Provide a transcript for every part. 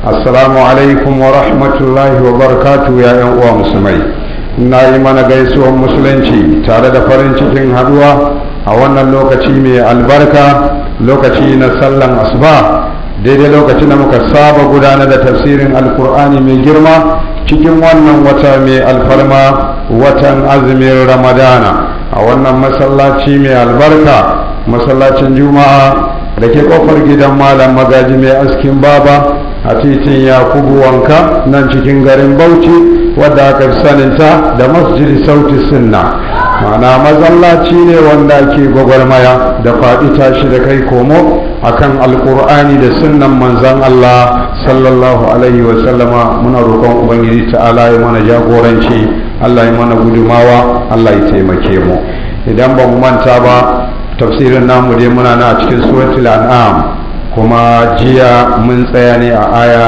assalamu alaikum wa rahmatullahi wa barakatu ya yan uwa musulmai na yi mana gaisuwan musulunci tare da farin cikin haɗuwa a wannan lokaci mai albarka lokaci na sallan asuba daidai lokacin da muka saba gudanar da tafsirin alkur'ani mai girma cikin wannan wata mai alfarma watan azumin ramadana a wannan masallaci mai albarka masallacin juma'a da ke kofar gidan malam magaji mai askin baba a titin yakubu wanka nan cikin garin bauchi wadda aka fi saninta da masjid sauti sunna mana mazallaci ne wanda ake gwagwarmaya da faɗi tashi da kai komo akan alkur'ani da sunnan manzan allah sallallahu alaihi wasallama muna roƙon ubangiji ta'ala ya mana jagoranci allah ya mana gudumawa allah ya taimake mu idan ba mu manta ba tafsirin namu dai muna na cikin suratul an'am kuma jiya mun tsaya ne a aya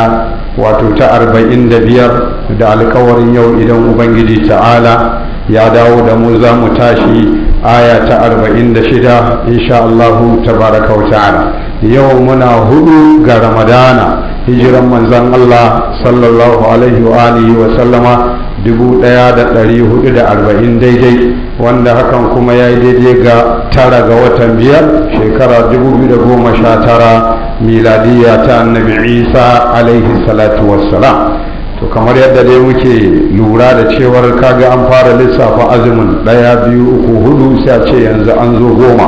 wato ta arba'in da biyar da alkawarin yau idan ubangiji ta'ala ya dawo da mu za mu tashi aya ta arba'in da shida insha Allahu tabaraka wa ta'ala yau muna hudu ga ramadana hijiran manzan Allah sallallahu alaihi wa alihi wa sallama 1440 daidai wanda hakan kuma ya yi daidai ga tara ga watan biyar shekara 2019 miladiyya ta annabi isa alaihi salatu wassalam to kamar yadda dai muke lura da cewar kaga an fara lissafa azumin ɗaya biyu uku hudu sai ce yanzu an zo goma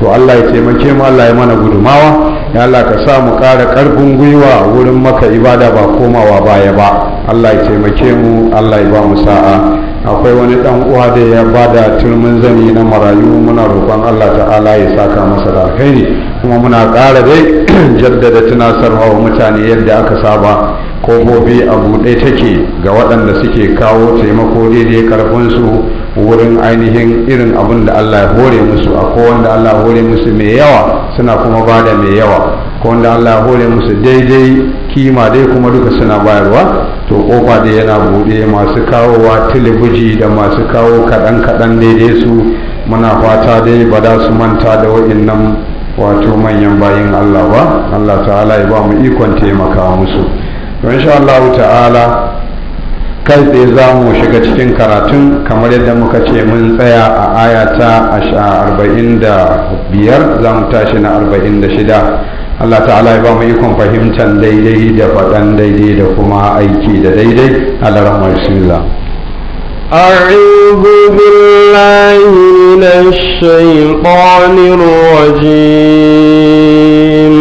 to allah ya taimake mu allah ya mana gudumawa ya Allah ka sa mu ƙara ƙarfin gwiwa wurin maka ibada ba komawa baya ba Allah ya taimake mu Allah ya ba mu sa'a akwai wani dan uwa da ya bada turmin zani na marayu muna roƙon Allah ta'ala ya saka masa da alkhairi kuma muna ƙara dai jaddada tunasarwa wa mutane yadda aka saba kofofi a buɗe take ga waɗanda suke kawo taimako daidai karfinsu wurin ainihin irin abin da Allah ya hore musu akwai wanda Allah ya hore musu mai yawa suna kuma ba da mai yawa ko wanda Allah ya hore musu daidai kima dai kuma duka suna bayarwa to kofa dai yana buɗe masu kawowa talibiji da masu kawo kaɗan-kaɗan daidai su muna fata dai ba da su manta da wa'annan wato manyan bayin Allah ba Allah ta'ala ya ba mu ikon taimaka musu to ta'ala kai tsaye za mu shiga cikin karatun kamar yadda muka ce mun tsaya a ayata ta arba'in da biyar za mu tashi na arba'in da shida Allah ta'ala ya ba mu ikon fahimtar daidai da faɗan daidai da kuma aiki da daidai a laramar shirla أعوذ بالله من الشيطان الرجيم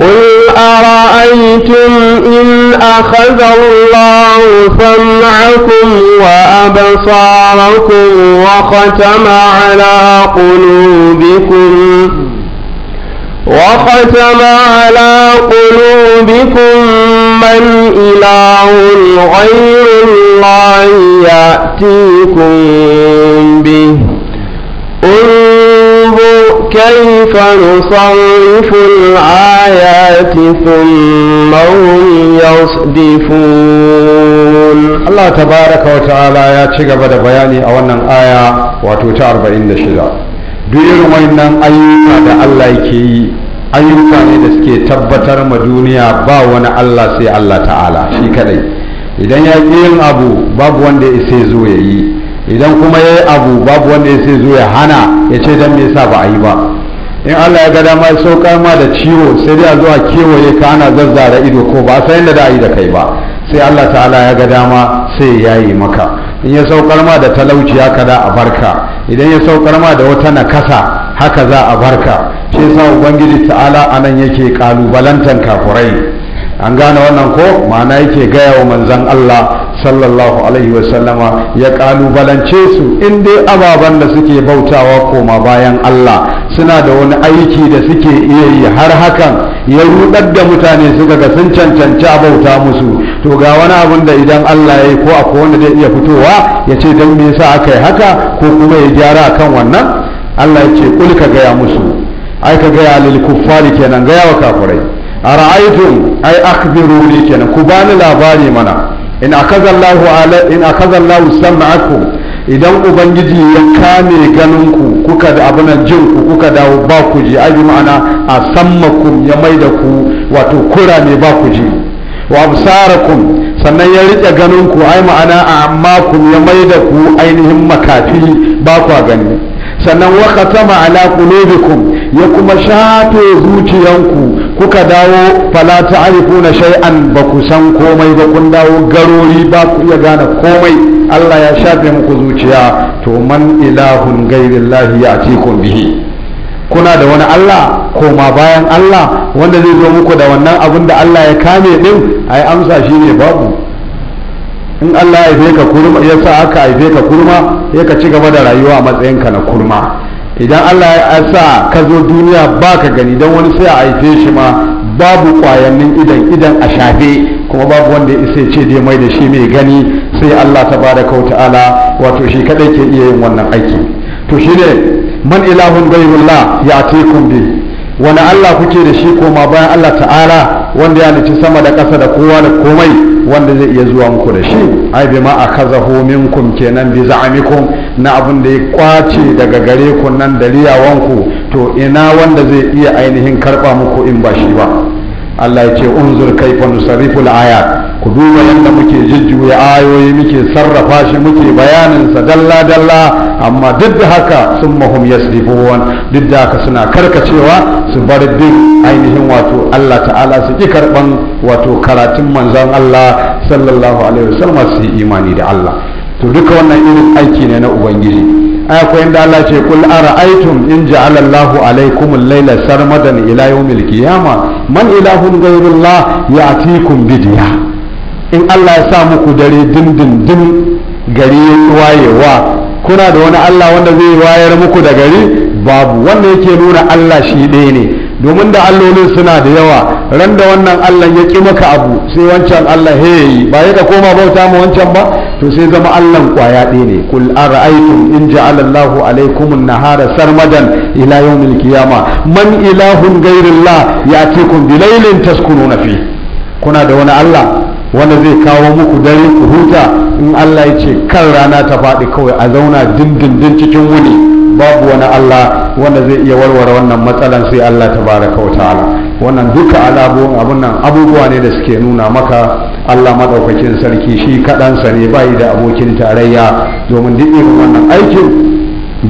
قل أرأيتم أخذ الله سمعكم وأبصاركم وختم على قلوبكم وختم على قلوبكم من إله غير الله يأتيكم به انظر كيف نصرف الآيات ثم هم يصدفون الله تبارك وتعالى يا شيخ بدا بياني أولا آية وتوتى أربعين wannan دير وإن أيها الله yi ayyuka ne da suke tabbatar ma duniya ba wani Allah sai Allah ta'ala shi kadai idan ya yi yin abu babu wanda ya isa zo ya yi idan kuma ya yi abu babu wanda ya sai zo ya hana ya ce don me yasa ba a yi ba in allah ya ga dama ya saukar da ciwo sai dai a zuwa kewaye ka ana zazzara ido ko ba san yadda da a yi da kai ba sai allah ta'ala ya ga dama sai ya yi maka in ya saukar ma da talauci haka za a barka idan ya saukar ma da wata nakasa haka za a barka shi yasa ubangiji ta'ala anan yake kalubalantan kafurai an gane wannan ko ma'ana yake gaya wa manzan allah sallallahu alaihi wasallama ya kalubalance su in dai ababen da suke bautawa koma bayan Allah suna da wani aiki da suke iya yi har hakan ya rudar da mutane suka ga sun cancanci a bauta musu to ga wani abin da idan Allah ya yi ko a wanda zai iya fitowa ya ce don me yasa aka yi haka ko kuma ya gyara kan wannan Allah ya ce kul ka gaya musu ai ka gaya lil kuffari kenan gaya wa kafirai ara'aytum ai akhbiruni kenan ku bani labari mana in akaza Allahu ala in akaza Allahu sam'aku idan ubangiji ya kame ganin ku kuka da abin jin ku kuka dawo ba ku ji ayi ma'ana a sammakum ya maida ku wato kura ne ba ku ji wa absarakum sannan ya rike ganin ku ai ma'ana a ku ya maida ku ainihin makafi ba ku gani sannan wa khatama ala qulubikum ya kuma shato zuciyanku kuka dawo falata ta'rifuna shay'an ba ku san komai ba kun dawo garori ba ku iya gane komai Allah ya shafe muku zuciya to man ilahun ce kun bihi kuna da wani Allah koma bayan Allah wanda zai zo muku da wannan abin da Allah ya kame din ai amsa shi ne babu in Allah ya ka kurma ya sa aka haife ka kurma ya ka ci gaba da rayuwa a matsayinka na kurma idan Allah ya sa ka zo duniya ba ka gani don wani sai a haife shi ma babu kwayannin idan idan a shafe kuma babu wanda ya isa ce dai mai da shi mai gani sai Allah ta bada wa ta'ala wato shi kadai ke iya yin wannan aiki to shi shine man ilahun gairullah ya tekun bi wani Allah kuke da shi koma bayan Allah ta'ala wanda ya halicci sama da ƙasa da kowa da komai wanda zai iya zuwa muku da shi ai bi ma akazahu minkum kenan bi za'amikum na abin da ya kwace daga gare ku nan da riyawanku to ina wanda zai iya ainihin karba muku in ba shi ba Allah ya ce unzur kaifa nusarriful ayat ku duba yadda muke jujjuya ayoyi muke sarrafa shi muke bayaninsa dalla-dalla amma duk da haka sun mahum yasrifun duk da haka suna karkacewa su bar duk ainihin wato Allah ta'ala su karɓan wato karatun manzan Allah sallallahu alaihi wasallam su yi imani da Allah to duka wannan irin aiki ne na ubangiji akwai ko inda Allah ce kul ara'aytum in ja'ala Allahu alaykum al-layla sarmadan ila yawm al-qiyamah man ilahun ghayrullah ya'tikum bidiya in Allah ya sa muku dare dindindin gari ya wayewa kuna da wani Allah wanda zai wayar muku da gari babu wanda yake nuna Allah shi ɗaya ne domin da allolin suna da yawa ran da wannan Allah ya ƙi maka abu sai wancan Allah hey ba yi ka koma bauta ma wancan ba to sai zama Allah kwaya ɗaya ne kul ara'aytum in ja'ala Allahu alaykum an-nahara sarmadan ila yawmil qiyama man ilahun ghayrullah ya'tikum bilaylin taskununa fi kuna da wani Allah wanda zai kawo muku dare ku huta in Allah ya ce kan rana ta faɗi kawai a zauna dindindin cikin wuni babu wani Allah wanda zai iya warware wannan matsalan sai Allah ta baraka wa ta'ala wannan duka alabuwan abun nan abubuwa ne da suke nuna maka Allah maɗaukakin sarki shi kaɗansa ne bayi da abokin tarayya domin duk irin wannan aikin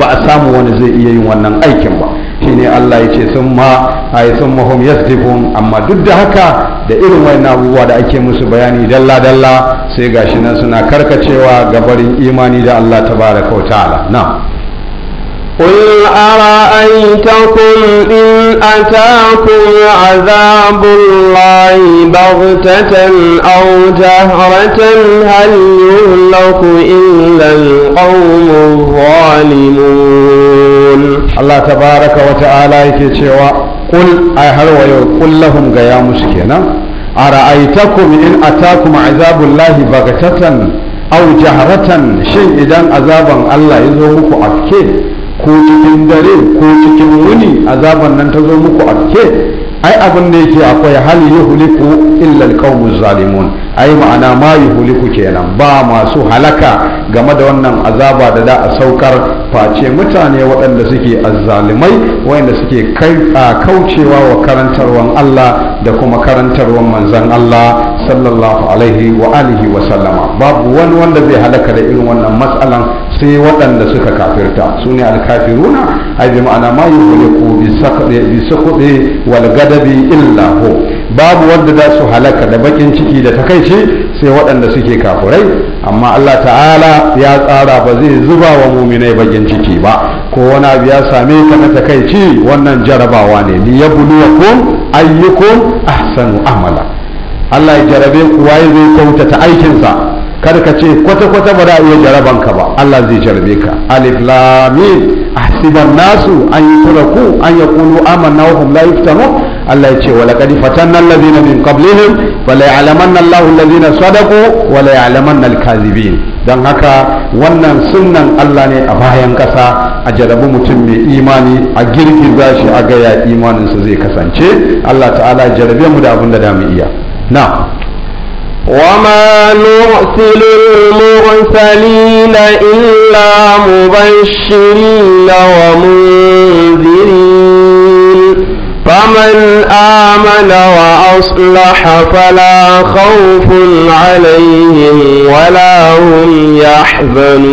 ba a samu wani zai iya yin wannan aikin ba ne Allah ya ce sun ma yi sun mahum yasdifun amma duk da haka da irin wani abubuwa da ake musu bayani dalla dalla sai gashi nan suna karkacewa gabarin imani da Allah ta tabaraka wa ta'ala قل أرأيتكم إن أتاكم عذاب الله بغتة أو جهرة هل يهلك إلا القوم الظالمون الله تبارك وتعالى يتشوى قل أي هروا قل لهم يا مشكلة أرأيتكم إن أتاكم عذاب الله بغتة أو جهرة شيء إذا عذاب الله يزومك أكيد ko cikin dare ko cikin wuni azaban nan ta zo muku a ke ai abin da yake akwai hal yuhliku illa alqawmu zalimun ai ma'ana ma yuhliku kenan ba masu halaka game da wannan azaba da da a saukar face mutane waɗanda suke azzalimai waɗanda suke kai a kaucewa wa karantarwan Allah da kuma karantarwan manzon Allah sallallahu alaihi wa alihi wa sallama babu wani wanda zai halaka da irin wannan matsalan sai waɗanda suka kafirta su ne alkafiruna a ma'ana ma yuhliku bi sakudi wal gadabi illa hu babu wanda za su halaka da bakin ciki da takaici sai waɗanda suke kafirai amma Allah ta'ala ya tsara ba zai zuba wa muminai bakin ciki ba ko wani abu ya same ka na takaici wannan jarabawa ne liyabluwakum ayyukum ahsanu amala Allah ya jarabe ku waye zai kautata aikinsa karka ce kwata-kwata ba za a iya jaraban ka ba Allah zai jarabe ka alif lamin ahsiban nasu an yi turaku an ya kulu aman na hum la yuftanu Allah ya ce wa kadi fatanna alladhina min qablihim fa la ya'lamanna Allahu na sadaqu wa la ya'lamanna al-kadhibin dan haka wannan sunnan Allah ne a bayan kasa a jarabi mutum mai imani a girgiza shi a gaya ya imaninsa zai kasance Allah ta'ala jarabe mu da abin da da mu iya na'am وما نرسل المرسلين إلا مبشرين ومنذرين فمن آمن وأصلح فلا خوف عليهم ولا هم يحزنون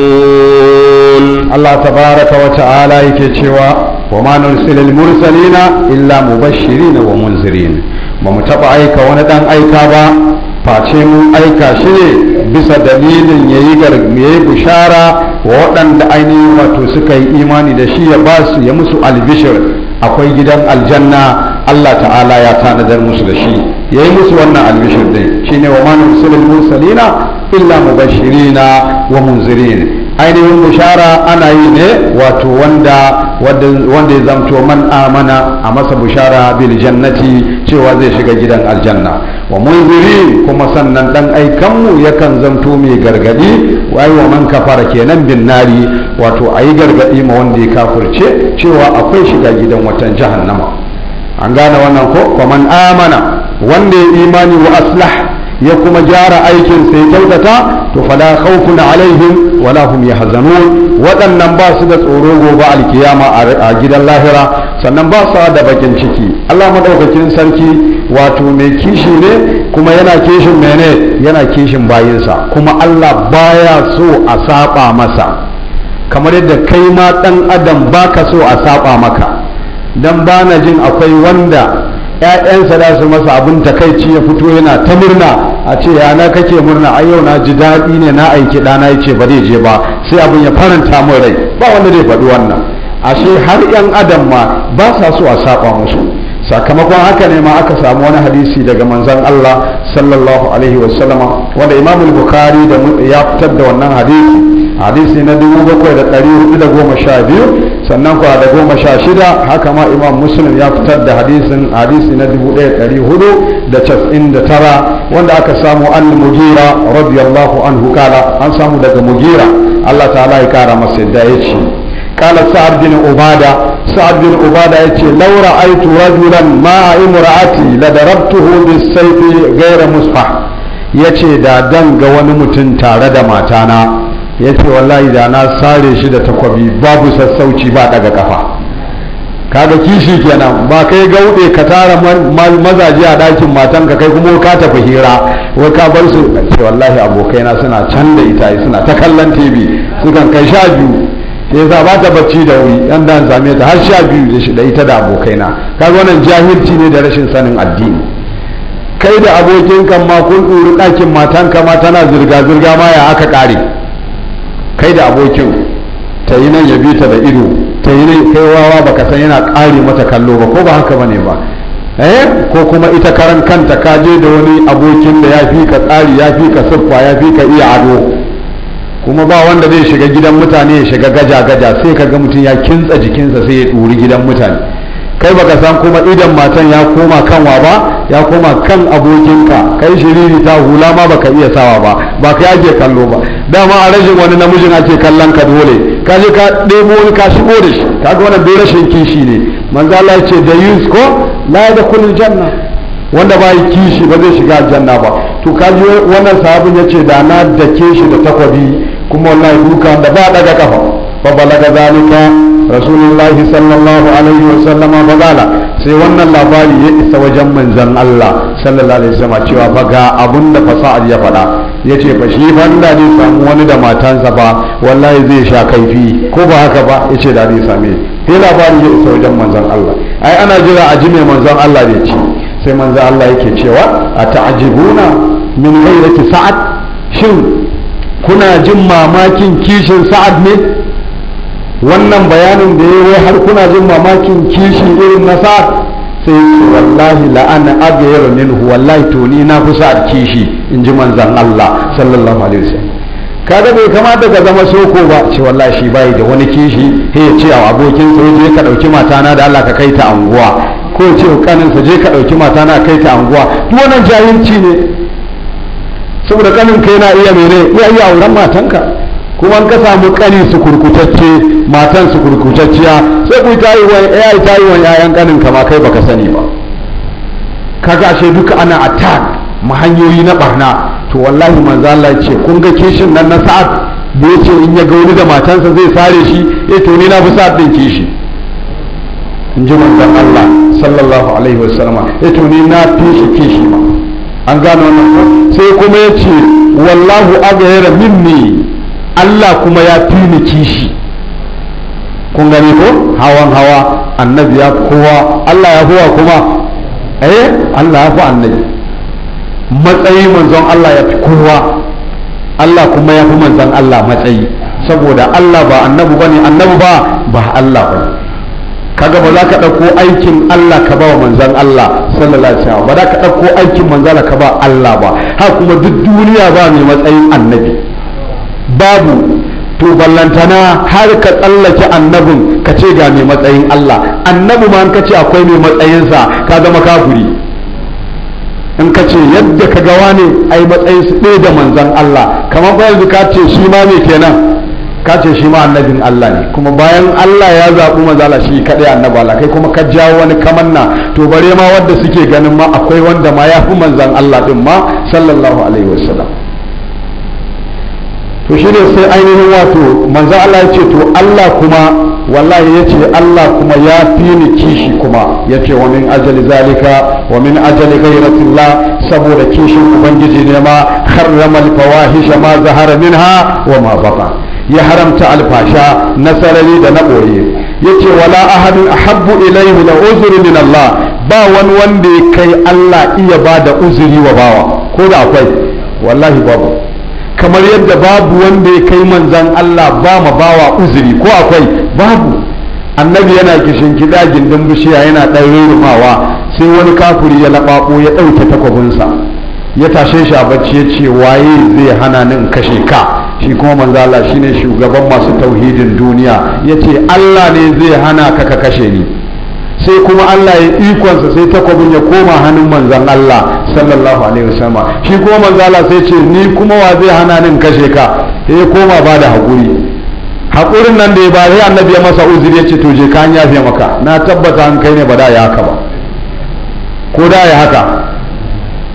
الله تبارك وتعالى يكتشوا وما نرسل المرسلين إلا مبشرين ومنذرين ba mu taɓa aika wani ɗan aika ba face mun aika shi ne bisa dalilin ya yi bishara wa waɗanda ainihin wato suka yi imani da shi ya ba su ya musu albishir akwai gidan aljanna Allah ta'ala ya tanadar musu da shi ya yi musu wannan albishir din shine wa manu musulun mursalina illa mu wa munzirin ainihin bishara ana yi ne wato wanda wanda ya zamto man amana a masa bishara bil jannati cewa zai shiga gidan aljanna wa munzirin kuma sannan dan aikanmu yakan zanto mai gargadi wai wa man kafara kenan bin nari wato ayi gargadi ma wanda ya kafurce cewa akwai shiga gidan watan jahannama an gane wannan ko faman amana wanda ya imani wa aslah ya kuma gyara aikin sai kyautata to fala khawfun alaihim wala hum yahzanun waɗannan ba su da tsoro gobe alkiyama a gidan lahira sannan ba sa da bakin ciki Allah madaukakin sarki wato mai kishi ne kuma yana kishin mene yana kishin bayinsa kuma Allah baya so a saba masa kamar yadda kai ma dan adam baka so a saba maka dan bana jin akwai wanda ‘ya'yansa da su masa abin takaici ya fito yana ta murna a ce yana kake murna a yau na ji daɗi ne na aiki ɗana ya ce ba zai je ba sai abin ya faranta min rai ba wanda zai faɗi wannan ashe har yan adam ma ba sa so a saba musu sakamakon haka ne ma aka samu wani hadisi daga manzan Allah sallallahu alaihi wa sallama wanda Imam Bukhari da ya fitar da wannan hadisi hadisi na 7412 sannan kuwa da goma sha shida haka ma Imam Muslim ya fitar da hadisin hadisi na 1499 wanda aka samu al-Mugira radiyallahu anhu kala an samu daga Mugira Allah ta'ala ya kara masa yadda ya ce قال سعد بن عبادة سعد بن عبادة يقول لو رأيت رجلا مع sai لضربته gaira غير مصفح yace da dan ga wani mutum tare da matana yace wallahi da na sare shi da takwabi babu sassauci ba daga kafa kaga kishi kenan ba kai gaude ka tara mazaje a dakin matan ka kai kuma ka tafi hira wai ka bar su wallahi abokaina suna can da ita suna ta kallon tv sukan kai sha biyu sai za ba ta bacci da wuri yan da zame ta har sha biyu da shi da ita da abokaina kaga wannan jahilci ne da rashin sanin addini kai da abokin kan ma kun ɗuri ɗakin matan kama tana zirga-zirga ma ya aka ƙare kai da abokin ta yi nan ya bi ta da ido ta yi nan kai wawa baka san yana kare mata kallo ba ko ba haka ba ne ba eh ko kuma ita karan kanta ka je da wani abokin da ya fi ka tsari ya fi ka siffa ya fi ka iya ado kuma ba wanda zai shiga gidan mutane ya shiga gaja-gaja sai ka ga mutum ya kintsa jikinsa sai ya ɗuri gidan mutane kai baka san kuma idan matan ya koma kanwa ba ya koma kan abokinka kai shiriri ta hula ma baka iya sawa ba ba kai ake kallo ba dama a rashin wani namijin ake kallon ka dole ka je ka ɗebo wani ka shigo da shi ka ga wannan dole rashin kishi ne manzo Allah ce da yus ko la yadkhulul janna wanda ba yi kishi ba zai shiga janna ba to kaji wannan sahabin yace da na dake shi da takwabi kuma wallahi duka da ba daga kafa fa balaga zalika rasulullahi sallallahu alaihi wasallam fa bala sai wannan labari ya isa wajen manzon Allah sallallahu alaihi wasallam cewa fa ga abinda fasa'ad ya faɗa yace fa shi fanda ne samu wani da matansa fa wallahi zai sha kaifi ko ba haka ba yace da zai same sai labari ya isa wajen manzon Allah ai ana jira a ji mai manzon Allah ne ci sai manzon Allah yake cewa a ta'ajibuna min ghairati sa'ad shin kuna jin mamakin kishin sa'ad ne wannan bayanin da ya wai har kuna jin mamakin kishin irin na sa'ad sai wallahi la'ana aghayr minhu wallahi to ni na fi sa'ad kishi in ji manzan Allah sallallahu alaihi wasallam kaga bai kama daga zama soko ba ce wallahi shi bai da wani kishi he ya ce a abokin sai je ka dauki matana da Allah ka kai ta anguwa ko ce kanin sa je ka dauki matana kai ta anguwa duk wannan jahilci ne saboda kanin ka yana iya mene ya iya auren matanka kuma ka samu kani su kurkutacce matan su kurkutacciya sai ku yi wa yayi yi wa yayan kanin ka ma kai baka sani ba kaga ashe duka ana attack mahanyoyi na barna to wallahi manzo Allah ce kun ga kishin nan na sa'ad da yace in ya ga wani da matansa zai sare shi eh to ni na fi sa'ad din kishi in ji manzo Allah sallallahu alaihi wasallam eh to ni na fi shi kishi ma an gane wannan sai kuma ya ce wallahu agayara minni Allah kuma ya fi ni kishi kun gani ko hawan hawa annabi ya kowa Allah ya kowa kuma eh Allah ya fi annabi matsayi manzon Allah ya fi kowa Allah kuma ya fi manzon Allah matsayi saboda Allah ba annabi ne annabi ba ba Allah bane kaga ba za ka ɗauko aikin Allah ka ba wa manzan Allah sallallahu alaihi wasallam ba za ka ɗauko aikin manzan ka ba Allah ba ha kuma duk duniya ba mai matsayin annabi babu to ballantana har ka tsallake annabin ka ce ga mai matsayin Allah annabi ma an ka ce akwai mai matsayinsa ka zama kafiri in ka ce yadda ka gawa ne ai matsayin su ɗaya da manzan Allah kamar ba yanzu ka ce shi ma me kenan ka ce shi ma annabin Allah ne kuma bayan Allah ya zaɓi mazala shi kaɗai annaba Allah kai kuma ka jawo wani kamanna to bare ma wanda suke ganin ma akwai wanda ma ya fi manzan Allah ɗin ma sallallahu alaihi wasallam to shi ne sai ainihin wato manzan Allah ya ce to Allah kuma wallahi ya ce Allah kuma ya fi ni kishi kuma ya ce wa min ajali zalika wa min ajali ghairatillah saboda kishin ubangiji ne ma harrama al-fawahisha ma zahara minha wa ma bata ya haramta alfasha na sarari da na ɓoye yace wala ahadun ahabbu ilaihi da uzuri min Allah ba wani wanda ya kai Allah iya ba da uzuri wa bawa ko da akwai wallahi babu kamar yadda babu wanda ya kai manzan Allah ba ma bawa uzuri ko akwai babu annabi yana kishin kiɗa gindin bishiya yana ɗan rumawa sai wani kafuri ya laɓaɓo ya ɗauke takwabinsa ya tashe shi a bacci ya ce waye zai hana ni in kashe ka shi kuma manzo Allah shine shugaban masu tauhidin duniya yace Allah ne zai hana ka ka kashe ni sai kuma Allah ya ikonsa sai takwabin ya koma hannun manzon Allah sallallahu alaihi wasallam shi kuma manzo Allah sai ce ni kuma wa zai hana nin kashe ka ya koma ba da hakuri hakurin nan da ya ba sai annabi ya masa uzuri yace to je ka an yafe maka na tabbata an kai ne ba da ya haka ba ko da ya haka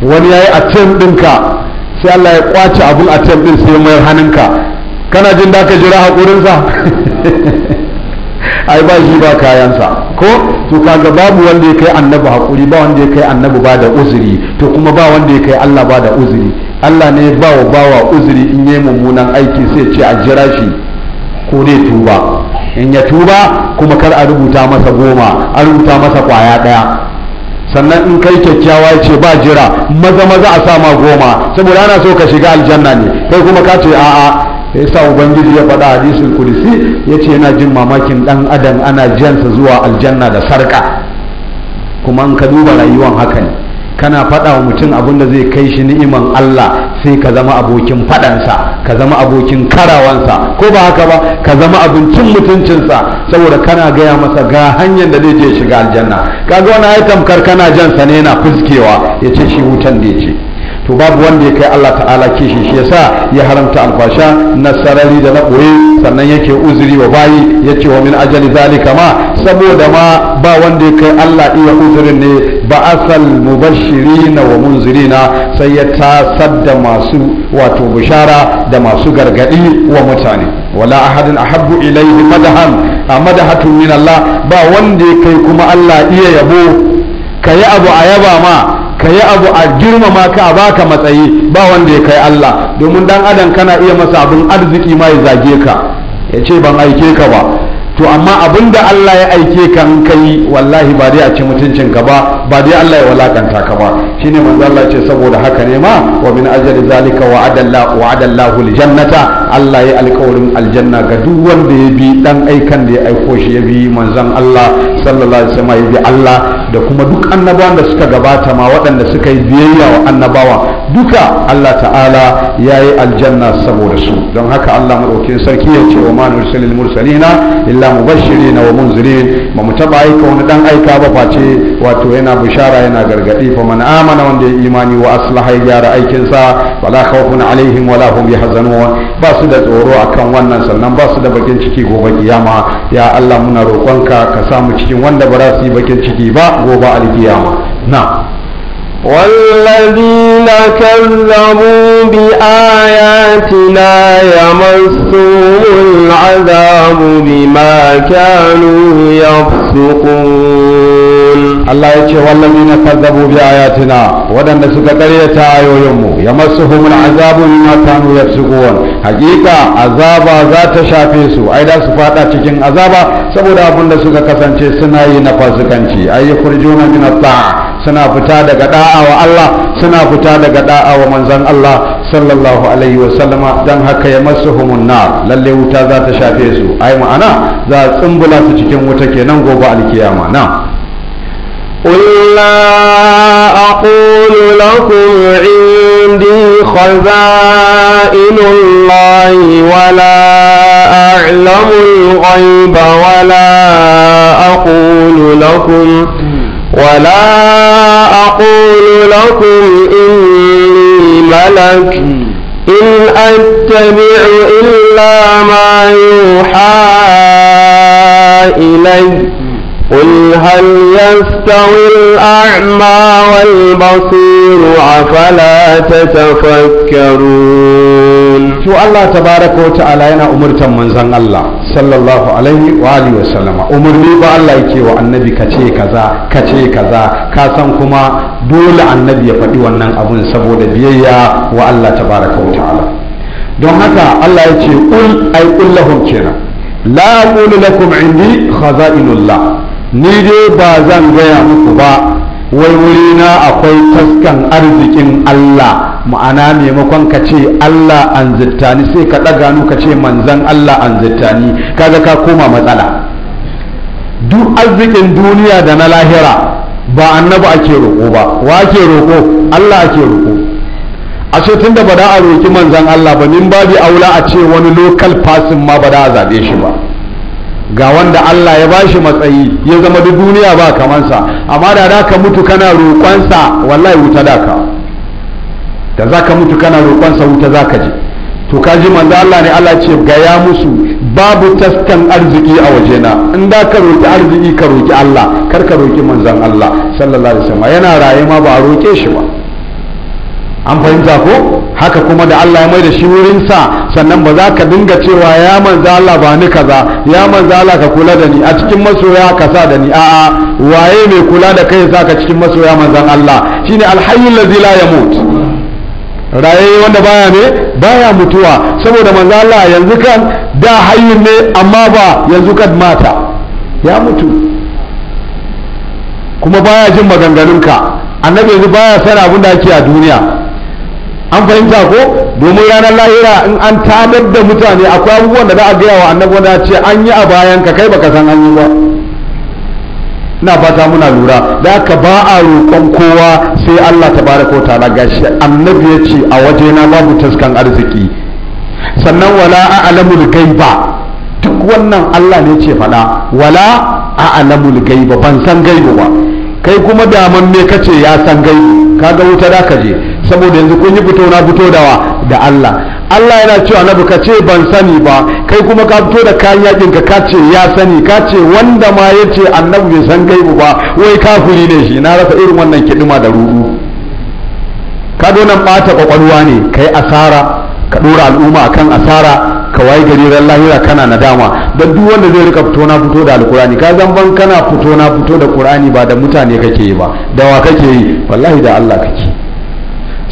wani yayi a cin dinka sai Allah ya kwace abun a can din sai mai hannunka kana jin da ka jira haƙurinsa ai ba shi ba kayansa ko to kaga babu wanda ya kai annabi haƙuri ba wanda ya kai annabi ba da uzuri to kuma ba wanda ya kai Allah ba da uzuri Allah ne ba wa bawa uzuri in yi mummunan aiki sai ce a jira shi ko dai tuba in ya tuba kuma kar a rubuta masa goma a rubuta masa kwaya ɗaya sannan in kai kyakkyawa ce ba jira maza maza a sama goma saboda ana so ka shiga aljanna ne kai kuma ka ce a'a sa ubangiji ya faɗa kulisi ya ce yana jin mamakin ɗan adam ana jansa zuwa aljanna da sarka kuma an ka duba rayuwan haka ne kana faɗa wa mutum abin da zai kai shi ni'iman Allah sai ka zama abokin faɗansa ka zama abokin karawansa ko ba haka ba ka zama abincin mutuncinsa saboda kana gaya masa ga hanyar da zai je shiga aljanna kaga wani ayi tamkar kana jan sa ne yana fuskewa ya ce shi wutan da ya ce to babu wanda ya kai Allah ta'ala kishi shi yasa ya haramta alfasha na sarari da na ɓoye sannan yake uzuri wa bayi ya ce wa min ajali zalika ma saboda ma ba wanda ya kai Allah iya uzurin ne ba asal mubashirina wa munzirina sai ya tasar da masu wato bishara da masu gargadi wa mutane wala ahadin ahabbu ilaihi madahan a madahatun min Allah ba wanda ya kai kuma Allah iya yabo ka yi abu a yaba ma ka yi abu a girmama ka a baka matsayi ba wanda ya kai Allah domin dan adam kana iya masa abin arziki ma ya zage ka ya ce ban aike ka ba to amma abin da Allah ya aike ka in kai wallahi ba dai a ci mutuncin ka ba ba dai Allah ya walakanta ka ba shine manzo Allah ce saboda haka ne ma wa min ajali zalika wa adalla wa adallahu aljannata Allah ya alƙawarin aljanna ga duk wanda ya bi dan aikan da ya aiko shi ya bi manzon Allah sallallahu alaihi wasallam ya bi Allah da kuma duk annabawan da suka gabata ma waɗanda suka yi biyayya wa annabawa duka Allah ta'ala ya yi aljanna saboda su don haka Allah maɗaukin sarki ya ce wa ma nursilil mursalina illa na wa munzirin ba mu taɓa aika wani ɗan aika ba face wato yana bishara yana gargaɗi fa man amana wanda ya imani wa aslaha ya gyara aikinsa wala khawfun alaihim wala hum yahzanun ba su da tsoro akan wannan sannan ba su da bakin ciki gobe kiyama ya Allah muna roƙonka ka samu cikin wanda ba za su yi bakin ciki ba gobe alkiyama na والذين كذبوا بآياتنا يمسهم العذاب بما كانوا يفسقون Allah ya ce na kazzabu bi ayatina waɗanda suka karyata ayoyinmu yamassuhumul azabu bima kanu yafsukun hakika azaba za ta shafe su ai da su fada cikin azaba saboda abin da suka kasance suna yi na fasikanci ai yakhrujuna min suna fita daga da'a wa Allah suna fita daga da'a wa manzon Allah sallallahu alaihi wa sallama dan haka ya masu na lalle wuta za ta shafe su ai ma'ana za a tsumbula su cikin wuta kenan gobe alkiyama na قل لا أقول لكم عندي خزائن الله ولا أعلم الغيب ولا أقول لكم ولا أقول لكم إني ملك إن أتبع إلا ما يوحى إلي قل هل يستوي الأعمى والبصير أفلا تتفكرون تو الله تبارك وتعالى أنا أمرت من زن الله صلى الله عليه وآله وسلم أمرني با الله يكي والنبي كتي كذا كتي كذا كاسم كما دول النبي يفدي ونن أبن سبود بيا والله تبارك وتعالى don haka Allah ya ce ƙul ai ƙullahun kenan la ƙulu lakum indi khaza'inullah ni dai ba zan gaya muku ba wai wurina akwai taskan arzikin Allah ma'ana maimakon ka ce Allah an zittani sai ka ɗaga nu ka ce manzan Allah an zittani kaga ka koma matsala duk arzikin duniya da na lahira ba annabi ake roƙo ba wa ake roƙo Allah ake roƙo a ce tun da ba da a roƙi manzan Allah ba min babi aula a ce wani local person ma ba da a zaɓe shi ba ga wanda Allah ya bashi matsayi ya zama duk duniya ba kamansa amma da da ka mutu kana roƙonsa wallahi wuta da ka da za ka mutu kana roƙonsa wuta za ka je to ka ji manzo Allah ne Allah ce ga ya musu babu taskan arziki a wajena in da ka roƙi arziki ka roki Allah kar ka roƙi manzon Allah sallallahu alaihi wasallam yana raye ma ba a roƙe shi ba an fahimta ko haka kuma da Allah ya mai da shi wurin sa sannan ba za ka dinga cewa ya manza Allah ba ni kaza ya manza Allah ka kula da ni a cikin masoya ka sa da ni a'a waye mai kula da kai sa ka cikin masoya manzan Allah shine alhayyul allazi la yamut raye wanda baya ne baya mutuwa saboda manzo Allah yanzu kan da hayyin ne amma ba yanzu kan mata ya mutu kuma baya jin ka annabi yanzu baya san abin da ake a duniya an fahimta ko domin ranar lahira in an tabar da mutane akwai abubuwan da za a gaya wa annabi wanda ce an yi a bayan ka kai baka san an yi ba ina fata muna lura da ka ba a roƙon kowa sai Allah ta wa ta'ala gashi annabi ya ce a waje na babu taskan arziki sannan wala a'lamul gaiba duk wannan Allah ne ce faɗa wala a'lamul gaiba ban san gaiba ba kai kuma daman me kace ya san gaiba kaga wuta da ka je saboda yanzu kun yi fito na fito da da Allah Allah yana cewa annabi ka ce ban sani ba kai kuma ka fito da kayan yakin ka ka ce ya sani ka ce wanda ma ya ce annabi bai san gaibu ba wai kafiri ne shi na rasa irin wannan kidima da ruɗu ka nan ɓata kwakwalwa ne ka yi asara ka ɗora al'umma akan asara ka wayi gari ran lahira kana nadama don duk wanda zai rika fito na fito da alkurani ka zan ban kana fito na fito da qur'ani ba da mutane kake yi ba da wa kake yi wallahi da Allah kake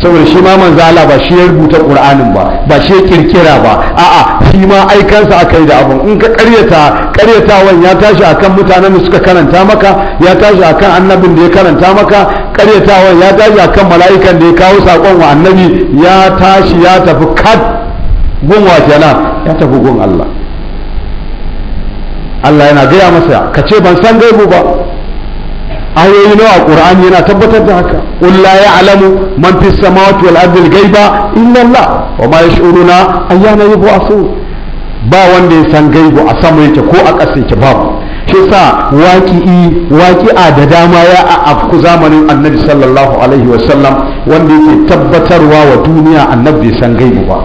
saboda shi ma manzo Allah ba shi ya rubuta Qur'anin ba ba shi ya kirkira ba a'a shi ma aikansa aka yi da abun in ka karyata karyatawan ya tashi akan mutanen da suka karanta maka ya tashi akan annabin da ya karanta maka karyatawan ya tashi akan mala'ikan da ya kawo sakon wa annabi ya tashi ya tafi kat gun wa ya tafi gun Allah Allah yana gaya masa ka ce ban san gaibu ba ayoyi nawa Qur'ani yana tabbatar da haka قل لا يعلم من في السماوات والأرض الغيب إلا الله وما يشعرون أيان يبعثون ba wanda ya san gaibu a sama yake ko a ƙasa yake babu shi sa waƙi'i waƙi'a da dama ya a afku zamanin annabi sallallahu alaihi sallam wanda yake tabbatarwa wa duniya annabi bai san gaibu ba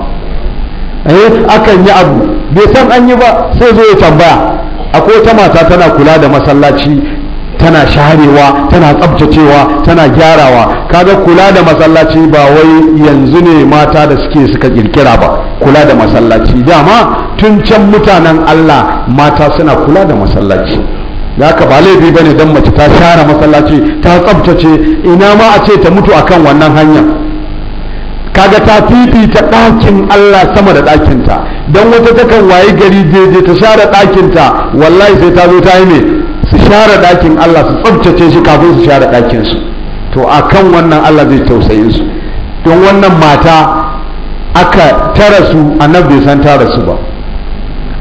eh akan yi abu bai san an yi ba sai zo ya tambaya akwai wata mata tana kula da masallaci tana sharewa tana tsabtacewa tana gyarawa kaga kula da masallaci ba wai yanzu ne mata da suke suka kirkira ba kula da masallaci dama tun can mutanen Allah mata suna kula da masallaci aka ba laifi bane dan mace ta share masallaci ta tsabtace ina ma a ce ta mutu akan wannan hanya kaga ta fifita ɗakin Allah sama da ɗakinta don wata takan waye gari daidai ta share ɗakinta wallahi sai ta zo ta yi mai share ɗakin Allah su tsabtace shi kafin su share ɗakinsu to a kan wannan Allah zai tausayin su don wannan mata aka tara su annabi bai san tara su ba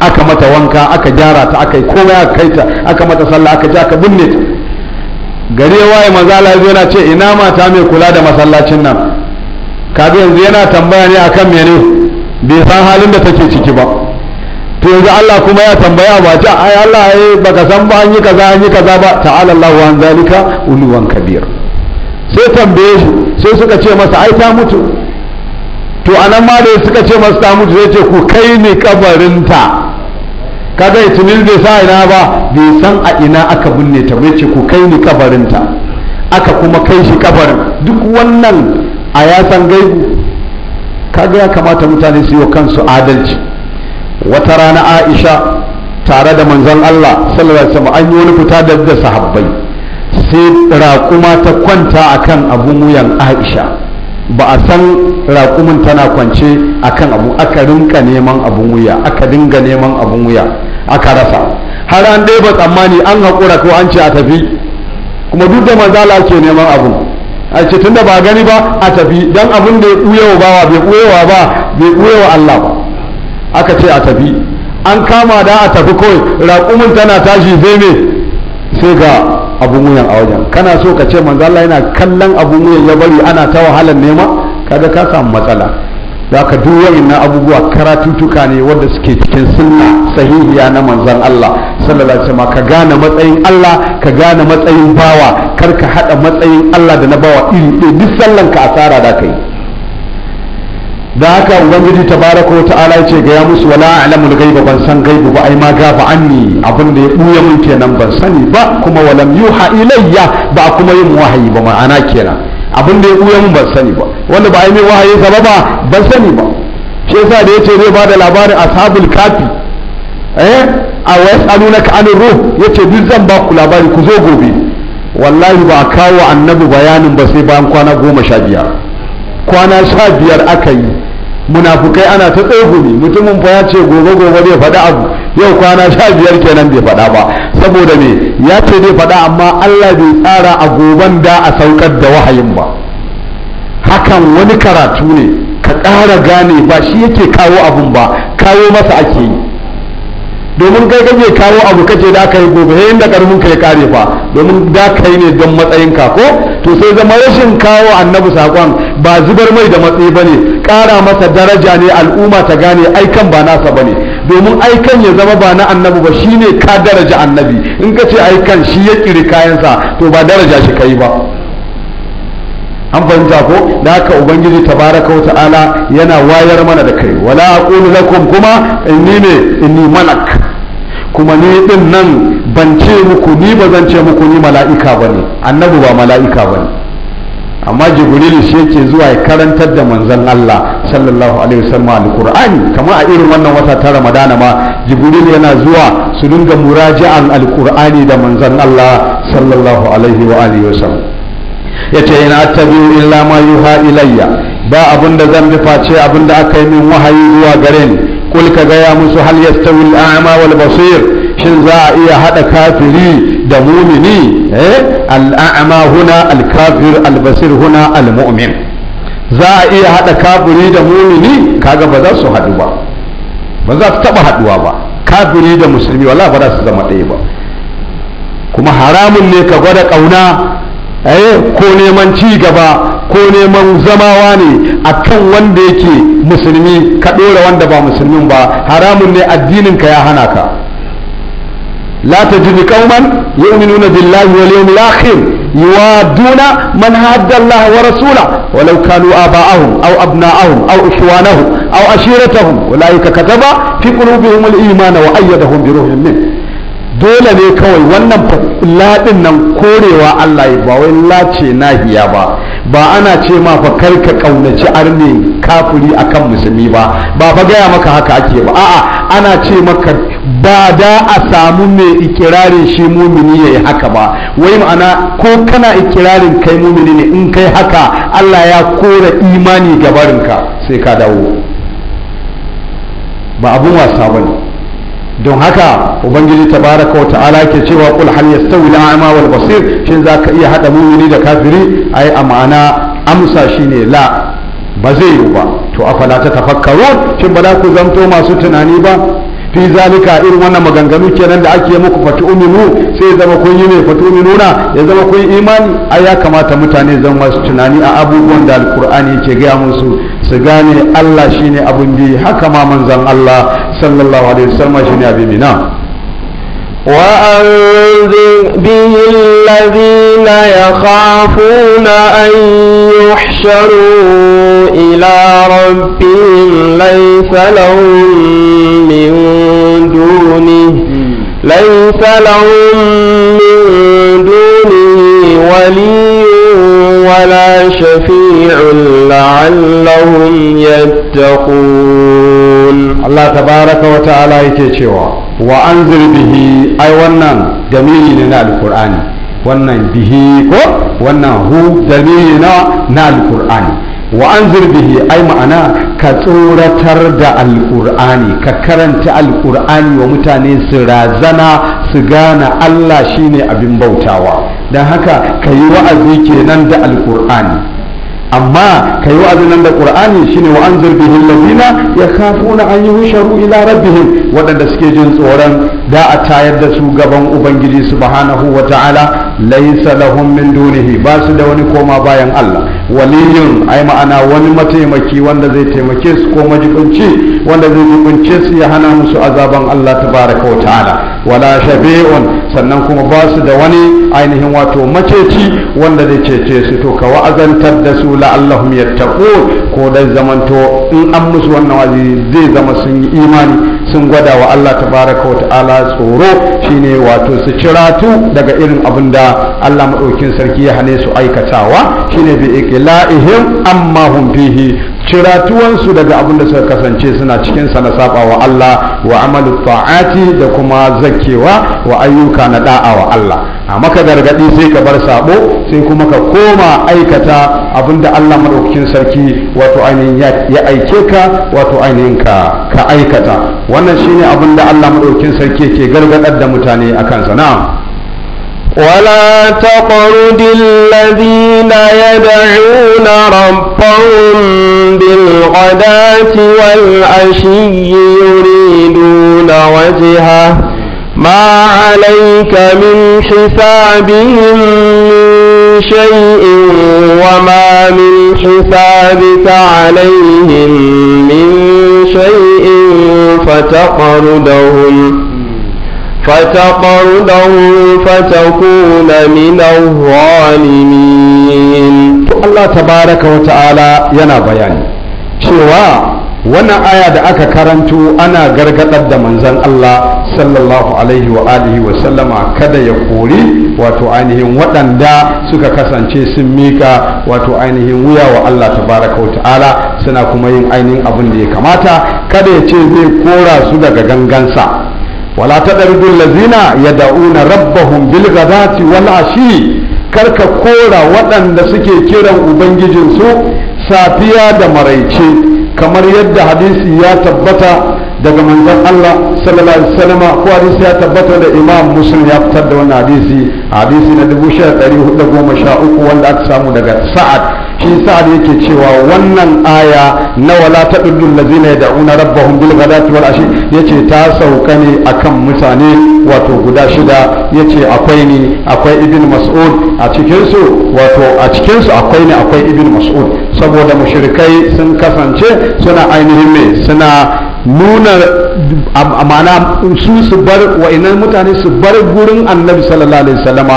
aka mata wanka aka gyara ta aka yi komai aka kai ta aka mata sallah aka ji aka binne ta gari ya waye maza Allah yana ce ina mata mai kula da masallacin nan kaga yanzu yana tambaya ne akan mene bai san halin da take ciki ba to yanzu Allah kuma ya tambaya ba ta ai Allah ya eh, baka san ba an yi kaza an yi kaza ba ta'ala Allahu an zalika uluwan kabir sai tambaye shi sai suka ce masa ai ta mutu to anan ma da suka ce masa ta mutu sai ce ku kai ni kabarinta kaga itinil bai sa ina ba bai san a ina aka binne ta bai ce ku kai ni kabarinta aka kuma kai shi kabarin duk wannan a ya san gaibu kaga ya kamata mutane su yi wa kansu adalci wata rana aisha tare da manzan Allah sallallahu alaihi wasallam an yi wani fita da da sahabbai sai raƙuma ta kwanta akan abun wuyan aisha ba a san raƙumin tana kwance akan abu aka rinka neman abun wuya aka dinga neman abun wuya aka rasa har an dai ba tsammani an haƙura ko an ce a tafi kuma duk da manzala ke neman abu a ce tunda ba gani ba a tafi dan abin da ya ɓuyewa bawa bai ɓuyewa ba bai ɓuyewa Allah ba aka ce a tafi an kama da a tafi kawai raƙumin tana tashi sai me sai ga abun muyan a wajen kana so ka ce manzo Allah yana kallon abun wuya ya bari ana ta wahalar nema kaga ka samu matsala ka duk wayannan abubuwa karatutuka ne wadda suke cikin sunna sahihiya na manzan Allah sallallahu alaihi wasallam ka gane matsayin Allah ka gane matsayin bawa kar ka hada matsayin Allah da na bawa iri duk sallan ka asara da kai da haka ubangiji tabaraka ta'ala ce ga ya musu wala a'lamul ghaiba ban san gaibu ba ai ma gafa anni abin da ya buya mun kenan ban sani ba kuma walam yuha ilayya ba kuma yin wahayi ba ma'ana kenan abin da ya buya mun ban sani ba wanda ba ai mai wahayi ba ba ban sani ba shi yasa da yace zai bada labarin ashabul kafi eh a wayasalunaka anir ruh yace duk zan ba ku labari ku zo gobe wallahi ba a kawo annabi bayanin ba sai bayan kwana goma sha biyar kwana sha biyar aka yi munafukai ana ta ne mutumin fa ya ce gobe gobe zai faɗi abu yau kwana sha biyar kenan bai faɗa ba saboda me ya ce zai faɗa amma Allah bai tsara a goban da a saukar da wahayin ba hakan wani karatu ne ka ƙara gane ba shi yake kawo abun ba kawo masa ake yi domin kai kake kawo abu kace da aka yi gobe yayin da karfin ka ya kare fa domin da kai ne don matsayinka ko to sai zama rashin kawo annabi saƙon ba zubar mai da matsayi ba ne ƙara masa daraja ne al'umma ta gane aikan ba nasa ba ne domin aikan ya zama ba na annabi ba shi ne ka daraja annabi in ka ce aikan shi ya ƙiri kayansa to ba daraja shi ka yi ba an fahimta ko da haka ubangiji tabaraka wa ta'ala yana wayar mana da kai wala aqulu lakum kuma inni ne inni malak kuma ni din nan ban ce muku ni ba zan ce muku ni mala'ika ba ne annabi ba mala'ika ba ne amma Jibril shi yake zuwa ya karantar da manzon Allah sallallahu alaihi wasallam alqur'ani kamar a irin wannan wata ta ramadana ma Jibril yana zuwa su dinga muraja'an alqur'ani da manzon Allah sallallahu alaihi wa alihi wasallam yace ina attabi'u illa ma yuha ilayya ba abinda zan bi face abinda aka yi min wahayi zuwa gare ni kul ka gaya musu hal yastawi al'ama wal basir shin za a iya hada kafiri da mumini eh huna huna za a iya haɗa kafiri da mumini kaga ba za su haɗu ba ba za su taɓa haɗuwa ba kafiri da musulmi wallahi ba za su zama ɗaya ba kuma haramun ne ka gwada ƙauna. Eh, ko neman ci gaba ko neman zamawa ne akan wanda yake musulmi ka ɗora wanda ba musulmin ba haramun ne addinin ka ya hana ka la tajidu qauman yu'minuna billahi wal yawmil akhir yuwaduna man hadda Allah wa rasula walau kanu aba'ahum aw abna'ahum aw ikhwanahum aw ashiratahum walaika kataba fi qulubihim al-iman wa ayyadahum bi ruhin min dole ne kawai wannan laɗin nan korewa Allah ya ba wai lace nahiya ba ba ana ce ma fa kar ka kaunaci arne kafuri akan musulmi ba ba fa gaya maka haka ake ba a'a ana ce maka ba da a samu mai ikirari shi mumini yayi haka ba wai ma'ana ko kana ikirarin kai mumini ne in kai haka Allah ya kore imani gabarinka sai ka dawo ba abun wasa bane don haka ubangiji tabaraka wa ta'ala ke cewa kul hal yastawi al-a'ma wal basir shin zaka iya hada mumini da kafiri ai amana amsa shine la ba zai yi ba to afala ta tafakkaru shin ba za ku zanto masu tunani ba fi zalika irin wannan maganganu kenan da ake muku fatu uminu sai zama kun yi ne fatu uminuna ya zama kun yi imani ai ya kamata mutane zan masu tunani a abubuwan da alkur'ani ke gaya musu su gane Allah shine abun bi haka ma manzon Allah sallallahu alaihi wasallam shine abin mina وأنذر به الذين يخافون أن يحشروا إلى ربهم ليس لهم من دونه ليس لهم من دونه ولي ولا شفيع لعلهم يتقون الله تبارك وتعالى يكيشوا وأنزل به أي ونن جميل لنا القرآن ونن به كو ونن هو جميل لنا القرآن وأنزل به أي معنى كتورتر دا القرآن ككرنت القرآن ومتاني سرازنا سغانا الله شيني أبن بوتاوا dan haka ka yi wa'azi kenan da alkur'ani amma ka yi wa'azin nan da qur'ani shine wa anzir bihi alladhina yakhafuna an yuhsharu ila rabbihim waɗanda suke jin tsoron da a tayar da su gaban ubangiji subhanahu wa ta'ala laysa lahum min dunihi ba su da wani koma bayan Allah waliyun ai ma'ana wani mataimaki wanda zai taimake su ko majibinci wanda zai jibince su ya hana musu azaban Allah baraka wa ta'ala wala shabi'un sannan kuma ba su da wani ainihin wato maceci wanda zai cece su to ka wa'azantar da su la Allahum yattaqu ko dai zamanto in an musu wannan wazi zai zama sun yi imani sun gwada wa Allah baraka wa ta'ala tsoro shine wato su ciratu daga irin abinda Allah madaukin sarki ya hane su aikatawa shine bi ibtila'ihim amma hum fihi ciratuwansu daga abin da suka kasance suna cikin sa na saba wa Allah wa amalu ta'ati da kuma zakkewa wa ayyuka na da'a wa Allah a maka gargadi sai ka bar sabo sai kuma ka koma aikata abin da Allah madaukakin sarki wato ainihin ya aike ka wato ainihin ka aikata wannan shine abin da Allah madaukakin sarki ke gargadar da mutane akan sana'a ولا تطرد الذين يدعون ربهم بالغداة والعشي يريدون وجهه ما عليك من حسابهم من شيء وما من حسابك عليهم من شيء فتقردهم فتطرده فتكون من الظالمين الله تبارك وتعالى ينا بياني شوى wannan aya da aka karanto ana gargadar da manzon Allah sallallahu alaihi wa wa sallama kada ya kori wato ainihin waɗanda suka kasance sun miƙa wato ainihin wuya wa Allah tabaraka wa suna kuma yin ainihin abin da ya kamata kada ya ce zai kora su daga gangansa wala tadrudu allazina yad'una rabbahum bil ghadati wal ashi karka kora waɗanda suke kiran ubangijinsu safiya da maraice kamar yadda hadisi ya tabbata daga manzon Allah sallallahu alaihi wasallam ko hadisi ya tabbatar da Imam Muslim ya fitar da wannan hadisi hadisi na 1413 wanda aka samu daga Sa'ad shi sa'ad yake cewa wannan aya na wala tadullul ladzina yad'una rabbahum bil ghadati wal ashi yace ta sauka ne akan mutane wato guda shida yace akwai ni akwai ibn mas'ud a cikin su wato a cikin su akwai ni akwai ibn mas'ud saboda mushrikai sun kasance suna ainihin me suna nuna amana su su bar wa'inan mutane su bar gurin annabi sallallahu alaihi wasallama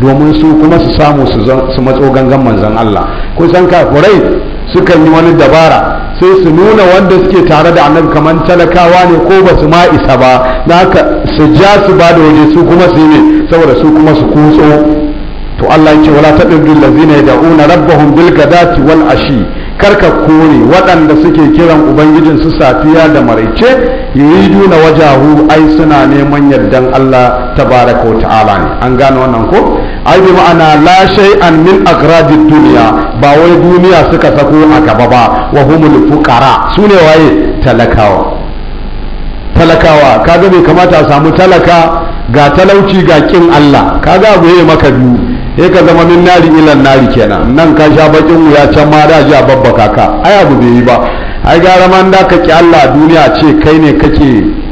domin su kuma su samu su matso gangan manzan Allah kusan kafurai sukan yi wani dabara sai su nuna wanda suke tare da annabi kamar talakawa ne ko ba su ma isa ba na haka su ja su ba da waje su kuma su yi saboda su kuma su kutso to Allah ya ce wala tadrul ladzina yad'una rabbahum bil gadati wal ashi karka kore waɗanda suke kiran ubangijin su safiya da maraice yayi na wajahu ai suna neman yardan Allah tabaraka wa ta'ala ne an gane wannan ko ai bi ma'ana la shay'an min agrajid duniya ba wai duniya suka sako a gaba ba wa humul fuqara sune waye talakawa talakawa kaga bai kamata a samu talaka ga talauci ga kin Allah kaga abu yayi maka biyu sai ka zama min nari ilan nari kenan nan ka sha bakin wuya can ma da ji babba kaka ai abu bai yi ba ai gara man da ka ki Allah duniya ce kai ne kake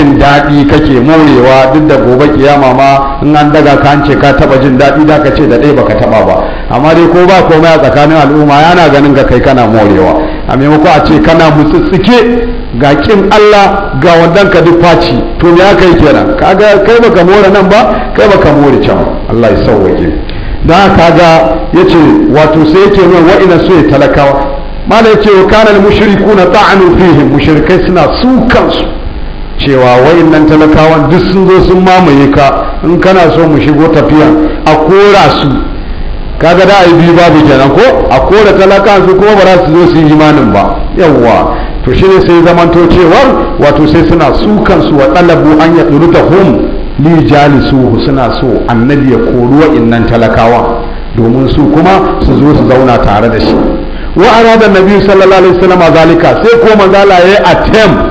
jin daɗi kake morewa duk da gobe kiyama ma in an daga ka hance ka taba jin daɗi da ka ce da ɗaya baka taba ba amma dai ko ba komai a tsakanin al'umma yana ganin ga kai kana morewa a maimako a ce kana mutsitsike ga kin Allah ga wannan ka duk faci to me aka yi kenan kaga kai baka more nan ba kai baka more can Allah ya sauwake da kaga yace wato sai yake nuna wa'ina so ya talakawa mala yace wa kana al na ta'anu fihim mushrikai suna su cewa nan talakawan duk sun zo sun mamaye ka in kana so mu shigo tafiya a kora su kaga da ai biyu babu kenan ko a kora talakawan su kuma ba za su zo su yi imanin ba yawwa to shine sai zamanto cewar wato sai suna su kansu wa talabu an ya hum li jalisu suna so annabi ya kori nan talakawa domin su kuma su zo su zauna tare da shi wa arada nabi sallallahu alaihi wasallam zalika sai ko manzala yayi attempt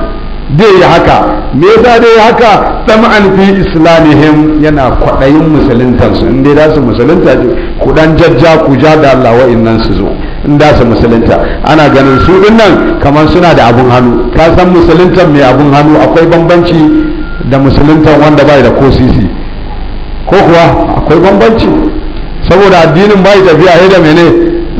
zai yi haka me yasa dai haka tam'an fi islamihim yana kwaɗayin musuluntansu in dai za su musulunta ku dan jajja ku ja da Allah wa'annan su zo in da su musulunta ana ganin su dinnan kamar suna da abun hannu ka san musuluntan mai abun hannu akwai bambanci da musuluntan wanda bai da ko sisi ko kuwa akwai bambanci saboda addinin bai tafiya yadda mene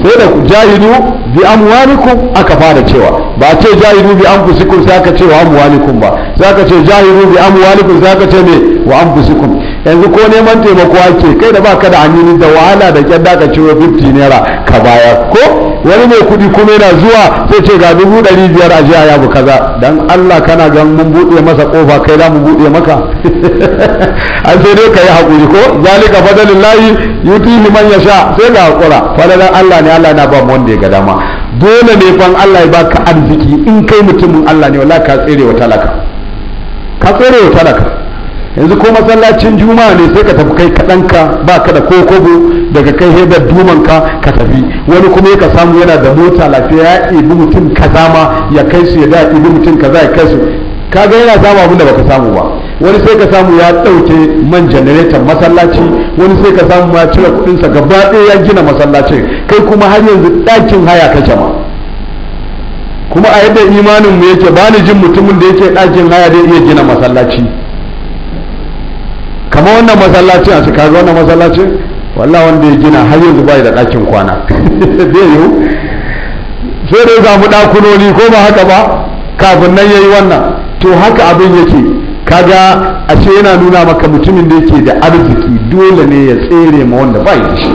sai da jahilu bi amwalikum aka fara cewa ba ce jahiru bi anfusikum sai aka ce wa amwalikum ba sai aka ce jahiru bi amwalikum sai aka ce me wa anfusikum yanzu ko neman taimako ake kai da baka da amini da wahala da kyan da ka 50 naira ka bayar ko wani mai kudi kuma yana zuwa sai ce ga dubu ɗari biyar a jiya ya bu kaza dan Allah kana gan mun buɗe masa kofa kai da mu buɗe maka an sai dai ka yi haƙuri ko zalika yuti liman ya sha sai ga haƙura fadalin Allah ne Allah na ba mu wanda ya ga dama dole ne fan Allah ya baka arziki in kai mutumin Allah ne wallahi ka tsere wa talaka ka tsere wa talaka yanzu ko masallacin juma'a ne sai ka tafi kai kaɗanka ba ka da kokobo daga kai hebar dumanka ka tafi wani kuma ya ka samu yana da mota lafiya ya ibi mutum kaza ma ya kai su ya da ibi mutum kaza ya kai su ga yana samu abin da ka samu ba wani sai ka samu ya ɗauke man janareton masallaci wani sai ka samu ya cire kuɗinsa gaba ɗaya ya gina masallaci kai kuma har yanzu ɗakin haya kake ma kuma a yadda imanin mu yake bani jin mutumin da yake ɗakin haya zai iya gina masallaci kuma wannan masallacin a kaga wannan masallacin wallahi wanda ya gina har yanzu bai da ɗakin kwana zai yiwu sai dai zamu ɗakunoni ko ba haka ba kafin nan yayi wannan to haka abin yake kaga ce yana nuna maka mutumin da yake da arziki dole ne ya tsere ma wanda bai da shi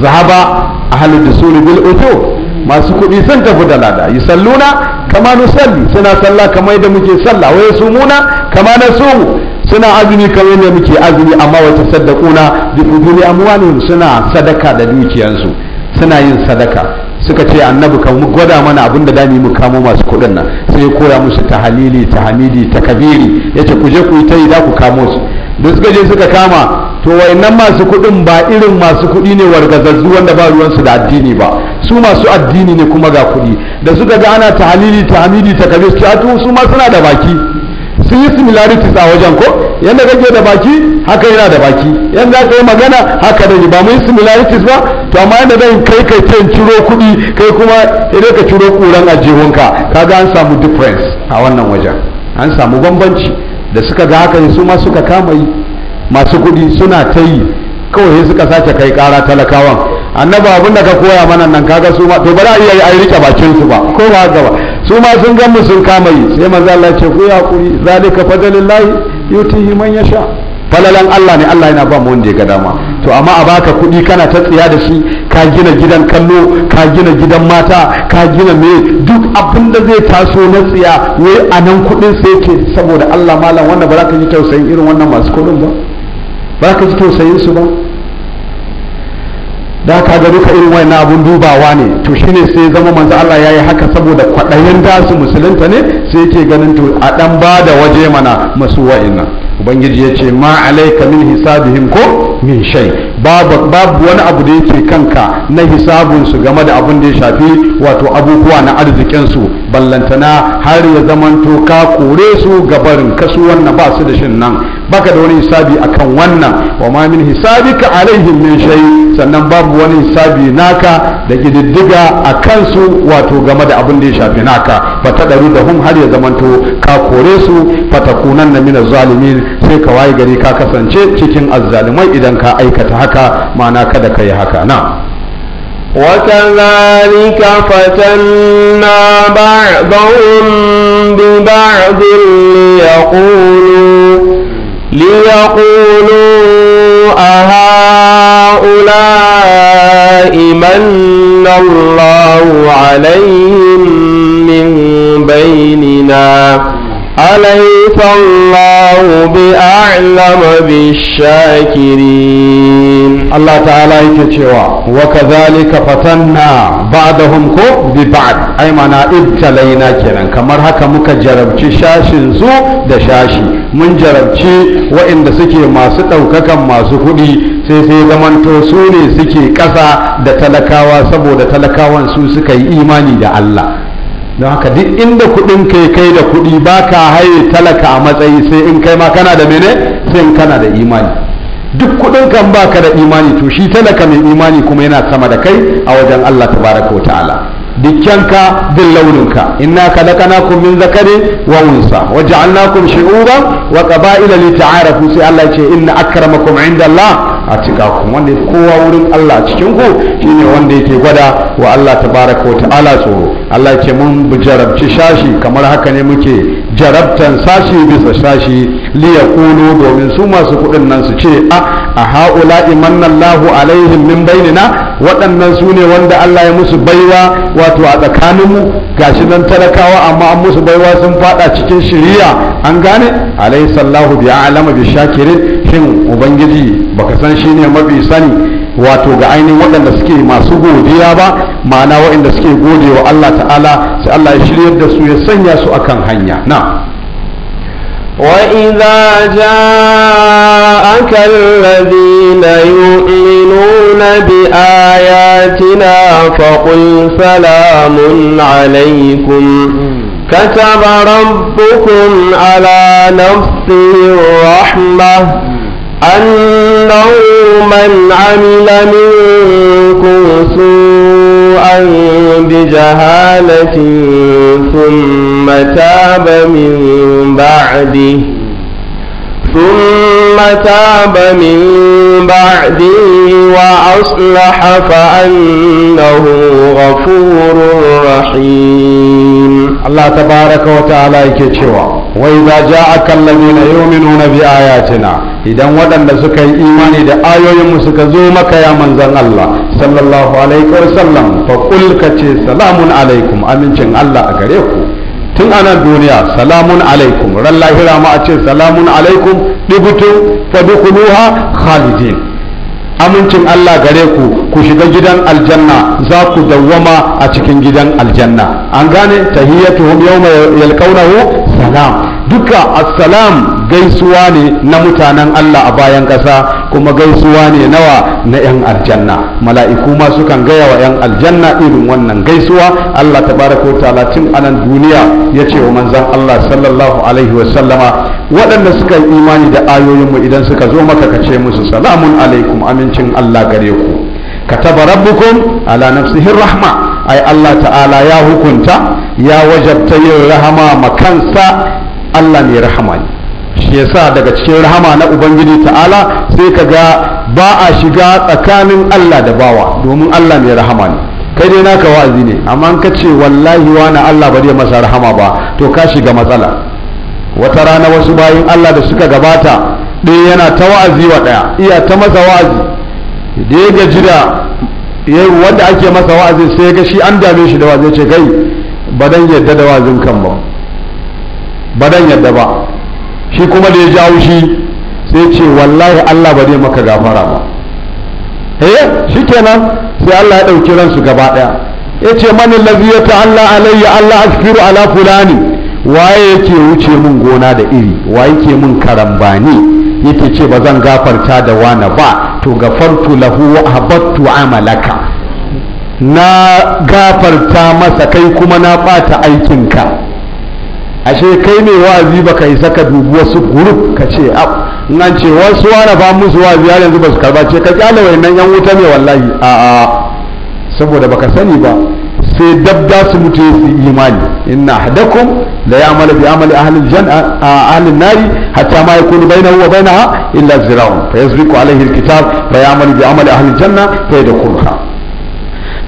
zahaba ahlud dusul bil utu masu kuɗi sun tafi da lada yi salluna kama nusalli suna salla kamar yadda muke salla wa muna kama su. suna azumi kamar yadda muke azumi amma wata sadakuna bi amma amwalihim suna sadaka da dukiyansu suna yin sadaka suka ce annabi kan gwada mana abin da dami mu kamo masu kuɗin nan sai ya koya musu tahalili tahamidi takabiri yace ku je ku yi za ku kamo su da suka je suka kama to wayannan masu kuɗin ba irin masu kuɗi ne wargazazzu wanda ba ruwansu da addini ba su masu addini ne kuma ga kuɗi da suka ga ana tahalili tahamidi takabiri su ma suna da baki sun yi similarities a wajen ko yadda kake da baki haka yana da baki yadda aka yi magana haka da ni ba mu yi similarities ba to amma yadda zan kai kai ta ciro kuɗi kai kuma idan ka ciro ƙuran ka kaga an samu difference a wannan wajen an samu bambanci da suka ga haka su ma suka kama yi masu kuɗi suna ta yi kawai suka sace kai ƙara talakawan annaba abin da ka koya mana nan kaga su ma to ba za a iya yi an rike bakin su ba ko ba haka ba su ma sun gan mu sun kama yi sai manzo Allah ce ku ya kuri zalika fadalillahi yutihi man yasha falalan Allah ne Allah yana ba mu wanda ya ga dama to amma a baka kuɗi kana ta tsiya da shi ka gina gidan kallo ka gina gidan mata ka gina me duk abin da zai taso na tsiya wai a nan kuɗin sai ke saboda Allah malam wannan ba za ka ji tausayin irin wannan masu kuɗin ba ba za ka ji tausayin su ba da ka ga duka irin wani abun dubawa ne to shine sai zama manzo Allah ya yi haka saboda kwaɗayin dasu musulunta ne sai yake ganin to a ɗan ba da waje mana masu wa'ina ubangiji ya ce ma alaika min hisabihim ko min shay babu wani abu da yake kanka na hisabun game da abin da ya shafi wato abubuwa na arzikinsu su ballantana har ya zamanto ka kore su gabarin kasu wannan ba su da shin nan baka da wani hisabi akan wannan wa ma min hisabika alaihim min shay sannan babu wani hisabi naka da kididdiga a kansu wato game da abin da ya shafi naka fa ta da hum har ya zamanto ka kore su fatakunan na min zalimin sai ka waye gari ka kasance cikin azzalumai idan ka aikata haka mana kada ka yi haka na وكذلك فتنا بعضهم ببعض ليقولوا ليقولوا أهؤلاء من الله عليهم من بيننا أليس الله بأعلم بالشاكرين الله تعالى يكتوى وكذلك فتنا بعضهم كو ببعض أي معنى ابتلينا كنا كما هكا مكا جربتي شاشن سو دشاشي من جربتي وإن سكي ما ستوكك ما سكولي sai sai zamanto su ne suke ƙasa da talakawa saboda talakawan su suka yi imani da Allah don haka duk inda kuɗin kai kai da kuɗi ba ka haye talaka a matsayi sai in kai ma kana da mene sai in kana da imani duk kuɗin kan ba ka da imani to shi talaka mai imani kuma yana sama da kai a wajen Allah tabaraka wa ta'ala dukkanka duk launinka inna khalaqnakum min zakari wa unsa wa ja'alnakum shu'uban wa qaba'ila li sai Allah ya ce inna akramakum 'inda Allah a ku wanda ya kowa wurin Allah a cikin ku shine wanda yake gwada wa Allah tabaraka wa ala tsoro Allah ya ce mun jarabci shashi kamar haka ne muke jarabtan sashi bisa sashi liyaqulu domin su masu kudin nan su ce ah, a a haula imanna Allahu alaihim min bainina waɗannan su ne wanda Allah ya musu baiwa wato a tsakaninmu shi nan talakawa amma an musu baiwa sun fada cikin shiriya an gane alayhi sallahu bi a'lama bi shakirin shin ubangiji baka san shi ne mafi sani wato ga ainihin waɗanda suke masu godiya ba ma'ana waɗanda suke gode wa Allah ta'ala sai Allah ya shiryar da su ya sanya su akan hanya na وإذا جاءك الذين يؤمنون بآياتنا فقل سلام عليكم كتب ربكم على نفسه الرحمة أنه من عمل منكم سوءا بجهالة ثم تاب من بعده ثم تاب من بعده وأصلح فأنه غفور رحيم الله تبارك وتعالى يكتشوا وإذا جاءك الذين يؤمنون بآياتنا idan waɗanda suka yi imani da ayoyinmu suka zo maka ya manzan Allah sallallahu alaihi wasallam fa qul ka ce salamun alaikum amincin Allah a gare ku tun ana duniya salamun alaikum ran lahira ma a ce salamun alaikum dibutu fadkhuluha khalidin amincin Allah gare ku ku shiga gidan aljanna za ku dawwama a cikin gidan aljanna an gane tahiyyatuhum yawma yalqawnahu salam duka assalam gaisuwa ne na mutanen Allah a bayan ƙasa kuma gaisuwa ne nawa na 'yan aljanna mala'iku ma sukan gaya wa 'yan aljanna irin wannan gaisuwa Allah tabaraka ta'ala tun anan duniya ya ce wa manzan Allah sallallahu alaihi wa sallama waɗanda suka yi imani da ayoyinmu idan suka zo maka ka ce musu salamun alaikum amincin Allah gare ku kataba rabbukum ala nafsihi rahma ai Allah ta'ala ya hukunta ya wajabta yin rahama makansa Allah mai rahama ne shi yasa daga cikin rahama na ubangiji ta'ala sai ka ga ba a shiga tsakanin Allah da bawa domin Allah mai rahama ne kai dai naka wa'azi ne amma ka ce wallahi wani Allah ba zai masa rahama ba to ka shiga matsala wata rana wasu bayin Allah da suka gabata ɗaya yana ta wa'azi wa ɗaya iya ta masa wa'azi da ya gaji da wanda ake masa wa'azi sai ga shi an dame shi da wa'azi ce kai ba dan yadda da wa'azin kan ba ba dan yadda ba shi kuma da ya ji haushi sai ce wallahi Allah ba zai maka gafara ba eh kenan sai Allah ya dauki ransu gaba daya yace mani allazi ya ta'alla alayya Allah askiru ala fulani waye yake wuce min gona da iri waye yake min karambani yake ce ba zan gafarta da wani ba to gafartu lahu wa habattu amalaka na gafarta masa kai kuma na bata ka. ashe kai ne wa'azi baka isa ka dubi wasu group ka ce a ah, nan ce wasu wa ba musu wa'azi har yanzu ba su karba ce ka kyale nan yan wuta ne wallahi a a saboda baka sani ba sai dab da su mutu su imani inna ahadakum la ya'malu bi amali ahli aljanna ahli an-nari hatta ma yakunu bainahu wa bainaha illa zira'un fa yasbiqu alayhi al-kitab fa ya'malu bi amali ahli al-janna fa yadkhuluha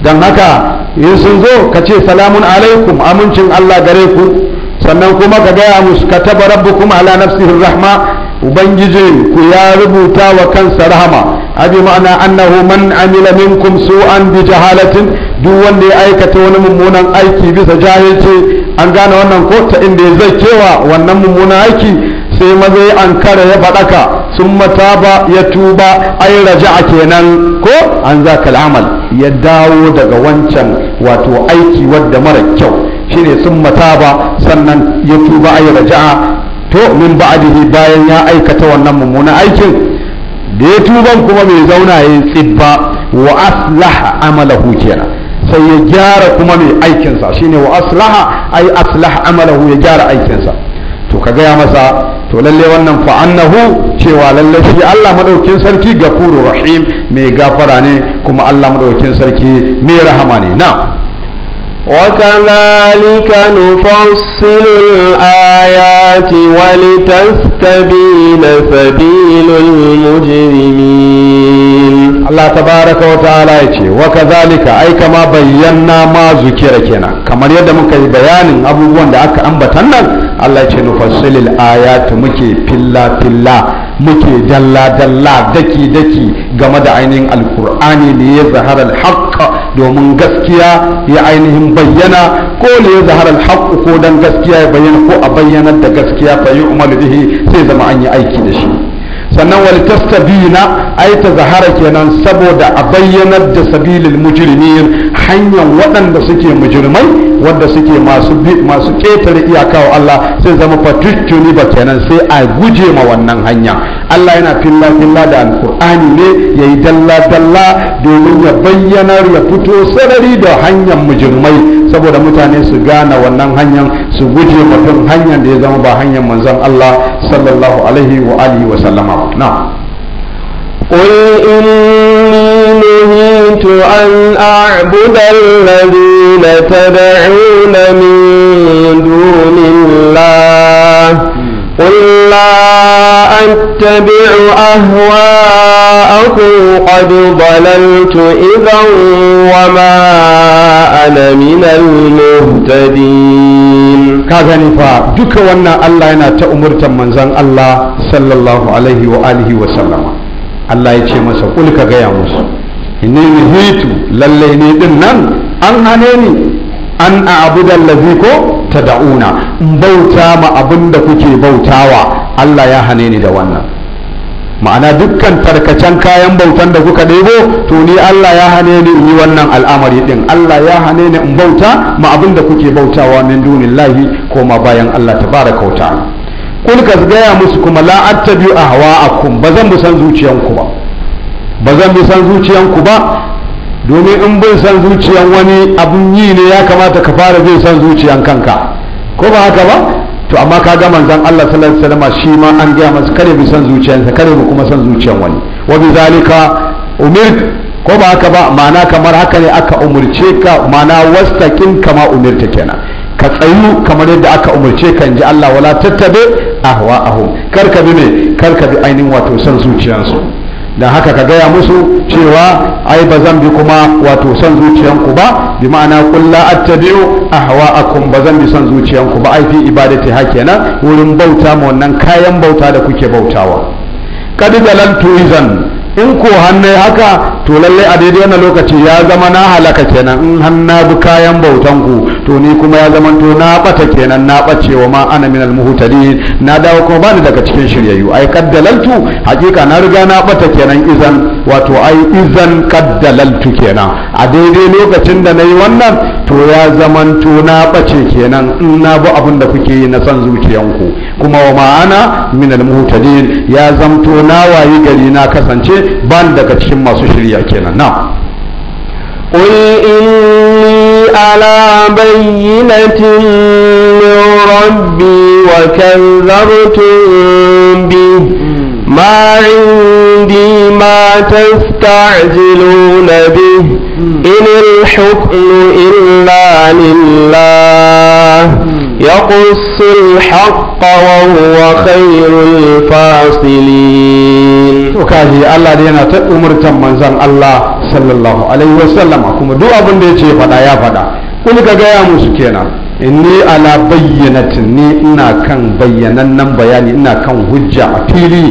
dan haka in sun zo ka ce salamun alaikum amincin Allah gare ku sannan kuma ka gaya musu ka taba rabbukum ala nafsihi rahma ubangiji ku ya rubuta wa kansa rahama abi ma'ana annahu man amila minkum su'an bi jahalatin duk wanda ya aikata wani mummunan aiki bisa jahilci an gane wannan ko ta inda ya zai kewa wannan mummunan aiki sai maza ya ankara ya faɗaka sun ba ya tuba ai raja'a kenan ko an za amal ya dawo daga wancan wato aiki wadda mara kyau shine sun mataba sannan ya tuba ayi raja'a to min ba'dihi bayan ya aikata wannan mummunan aikin da ya tuba kuma bai zauna ya yi tsibba wa aslaha amalahu kenan sai ya gyara kuma mai aikinsa shine wa aslaha ai aslaha amalahu ya gyara aikinsa to ka gaya masa to lalle wannan fa annahu cewa lalle shi Allah madaukin sarki gafuru rahim mai gafara ne kuma Allah madaukin sarki mai rahama ne na. وكذلك نفصل الآيات ولتستبين سبيل المجرمين الله تبارك وتعالى يتي وكذلك أي كما بينا ما ذكر كنا كما يدى منك بيان أبو بوان دعك أنبتنا الله يتي نفصل الآيات مكي فلا فلا مكي جلا جلا دكي دكي game da ainihin alkur'ani ne ya zahara alhaq domin gaskiya ya ainihin bayyana ko ne ya zahara ko dan gaskiya ya bayyana ko a bayyanar da gaskiya fa umar bihi sai zama an yi aiki da shi sannan wal tastabina ay ta zahara kenan saboda a bayyanar da sabilil mujrimin hanyar waɗanda suke mujirmai wadda suke masu masu ƙetare wa Allah sai zama ne ba kenan sai a guje ma wannan hanya Allah yana filla filla da Alƙur'ani ne ya yi dalla dalla domin ya bayyana ya fito sarari da hanyar mujirmai saboda mutane su gane wannan hanyar su guje mutum hanyar da ya zama ba hanyar manzon Allah sallallahu alaihi wa wa sallama na قل إني نهيت أن أعبد الذين تدعون من دون الله قل لا أتبع أهواءكم قد ضللت إذا وما أنا من المهتدين كذا فا دك وانا الله ينا تأمرت منزان الله صلى الله عليه وآله وسلم Allah ya ce masa kul ka gaya musu Inna nuhitu lallai ne din nan an hane ni an a'budu allazi ko tad'una in bauta ma abinda kuke bautawa Allah ya hane ni da wannan ma'ana dukkan tarkacen kayan bautan da kuka debo to ni Allah ya hane ni in yi wannan al'amari din Allah ya hane ni in bauta ma abinda kuke bautawa min dunillahi ko ma bayan Allah tabaraka wa ta'ala kun ka gaya musu kuma la attabi'u ahwa'akum ba zan bi san zuciyanku ba ba zan bi san zuciyanku ba domin in bin san zuciyan wani abun yi ne ya kamata ka fara bin san zuciyan kanka ko ba haka ba to amma ka ga manzon Allah sallallahu alaihi wasallam shi ma an gaya masa kare bi san zuciyansa kare mu kuma san zuciyan wani wa bi zalika umir ko ba haka ba ma'ana kamar haka ne aka umurce ka ma'ana wastakin kama umirta kenan ka tsayu kamar yadda aka umurce ka inji Allah wala tattabe ahwa kar ka bi ne kar bi ainihin wato son zuciyansu dan haka ka gaya musu cewa ai ba zan bi kuma wato son zuciyanku ba bi ma'ana qul a attabi'u ahwa'akum ba zan bi son zuciyanku ba ai fi ibadati ha kenan wurin bauta ma wannan kayan bauta da kuke bautawa kadi zalantu izan in ko hannai haka to lalle a daidai wannan lokaci ya zama na halaka kenan in har bi kayan bautan ku to ni kuma ya zama to na bata kenan na bace wa ma ana minal na dawo kuma bani daga cikin shiryayyu ai kaddalaltu hakika na riga na bata kenan izan wato ai izan kaddalaltu kenan a daidai lokacin da nayi wannan to ya zama to na bace kenan in na bi abin da kuke yi na san zuciyanku kuma wa ma'ana minal muhtadin ya zamto na wayi gari na kasance ban daga cikin masu shirya hujja kenan نعم. قل إني على بينة من ربي وكذبتم به ما عندي ما تستعجلون به إن الحكم إلا لله يقص الحق وهو خير الفاصلين وكاجي الله دينا تأمر تمن زن الله صلى الله عليه وسلم كما دعا بندي چه فدا يا فدا قل يا مسكينا إني على بينة ني إنا كان بينا نم إنا كان هجة أفيلي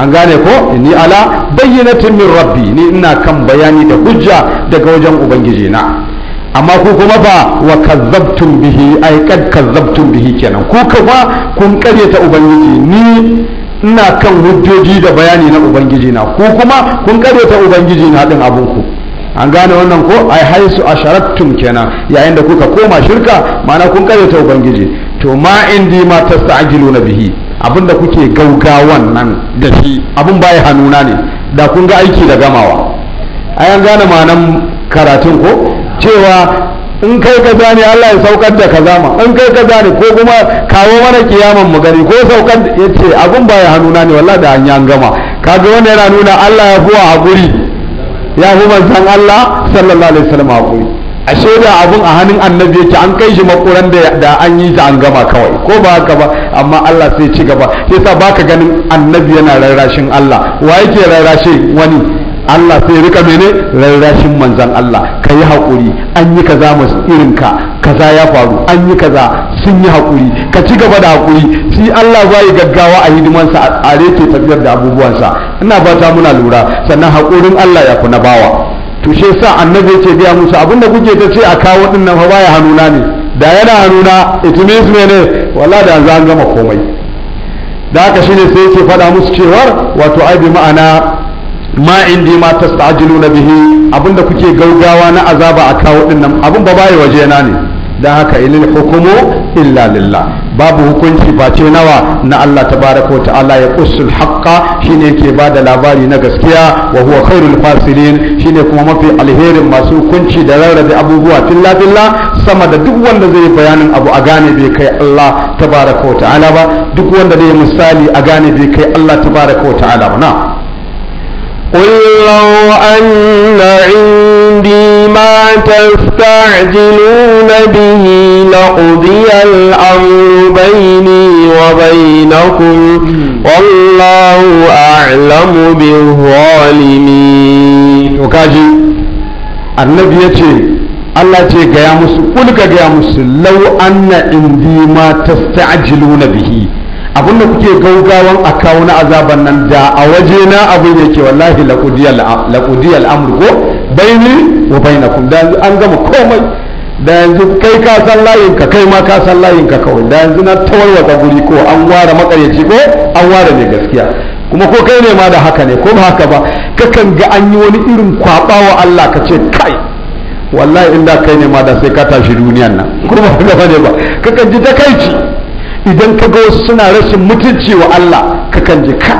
an gane ko ni ala bayyanatin min rabbi ni ina kan bayani da hujja daga wajen ubangiji na amma ku kuma fa wa kazzabtum bihi ai kad kazzabtum bihi kenan ku kuma kun ta ubangiji ni ina kan hujjoji da bayani na ubangiji na ku kuma kun ta ubangiji na din abun ku an gane wannan ko ai haisu asharattum kenan yayin da kuka koma shirka ma'ana kun ta ubangiji to ma indi ma na bihi abinda kuke gaugawan nan da shi abun bai hanuna ne da kun ga aiki da gamawa ai an gane ma'anan karatun ko cewa in kai ka ne Allah ya saukar da ka zama in kai ka ne ko kuma kawo mana kiyaman mu gani ko saukar ya ce abun ba ya hanuna ne wallahi da hanya an gama kaga wanda yana nuna Allah ya a hakuri ya fi san Allah sallallahu alaihi wasallam hakuri ashe da abun a hannun annabi yake an kai shi makuran da da an yi ta an gama kawai ko ba haka ba amma Allah sai ci gaba ba baka ganin annabi yana rarrashin Allah wa yake rarrashin wani Allah sai rika mene rarrashin manzan Allah ka yi haƙuri an yi kaza masu irinka kaza ya faru an yi kaza sun yi haƙuri ka ci gaba da haƙuri shi Allah zai gaggawa a hidimansa a rete tafiyar da abubuwansa ina ba ta muna lura sannan haƙurin Allah ya kuna bawa to shi yasa annabi ce biya musu abinda kuke ta ce a kawo din nan fa baya hannuna ne da yana hannuna itimis means ne walla da za an gama komai da haka shine sai yake faɗa musu cewar wato ai bi ma'ana ma indi ma na bihi abinda kuke gaugawa na azaba a kawo din nan abin ba bai waje na ne dan haka ilil hukumu illa lillah babu hukunci face nawa na Allah tabaraka ta'ala ya qussul haqqa shine yake bada labari na gaskiya wa huwa khairul fasilin shine kuma mafi alherin masu hukunci da rarrabe abubuwa filla filla sama da duk wanda zai bayanin abu a gane bai kai Allah tabaraka ta'ala ba duk wanda zai misali a gane bai kai Allah tabaraka ta'ala ba na قل لو أن عندي ما تستعجلون به لقضي الأمر بيني وبينكم والله أعلم بالظالمين وكاجي النبي يتي Allah ce gaya musu kulka gaya musu lau anna indi ma tasta'jiluna bihi abin da kuke gaugawan a kawo na azaban nan da a waje na abin yake wallahi laƙudiyar al'amur ko baini wa kun da yanzu an gama komai da yanzu kai ka san layin ka kai ma ka san layin ka kawai da yanzu na tawarwata guri ko an ware makaryaci ko an ware mai gaskiya kuma ko kai ne ma da haka ne ko ba haka ba kakan ga an yi wani irin kwaɓa wa Allah ka ce kai wallahi inda kai ne ma da sai ka tashi duniyan nan kuma ba ne ba kakan ji takaici idan ka ga wasu suna rashin mutunci wa Allah ka kan ji ka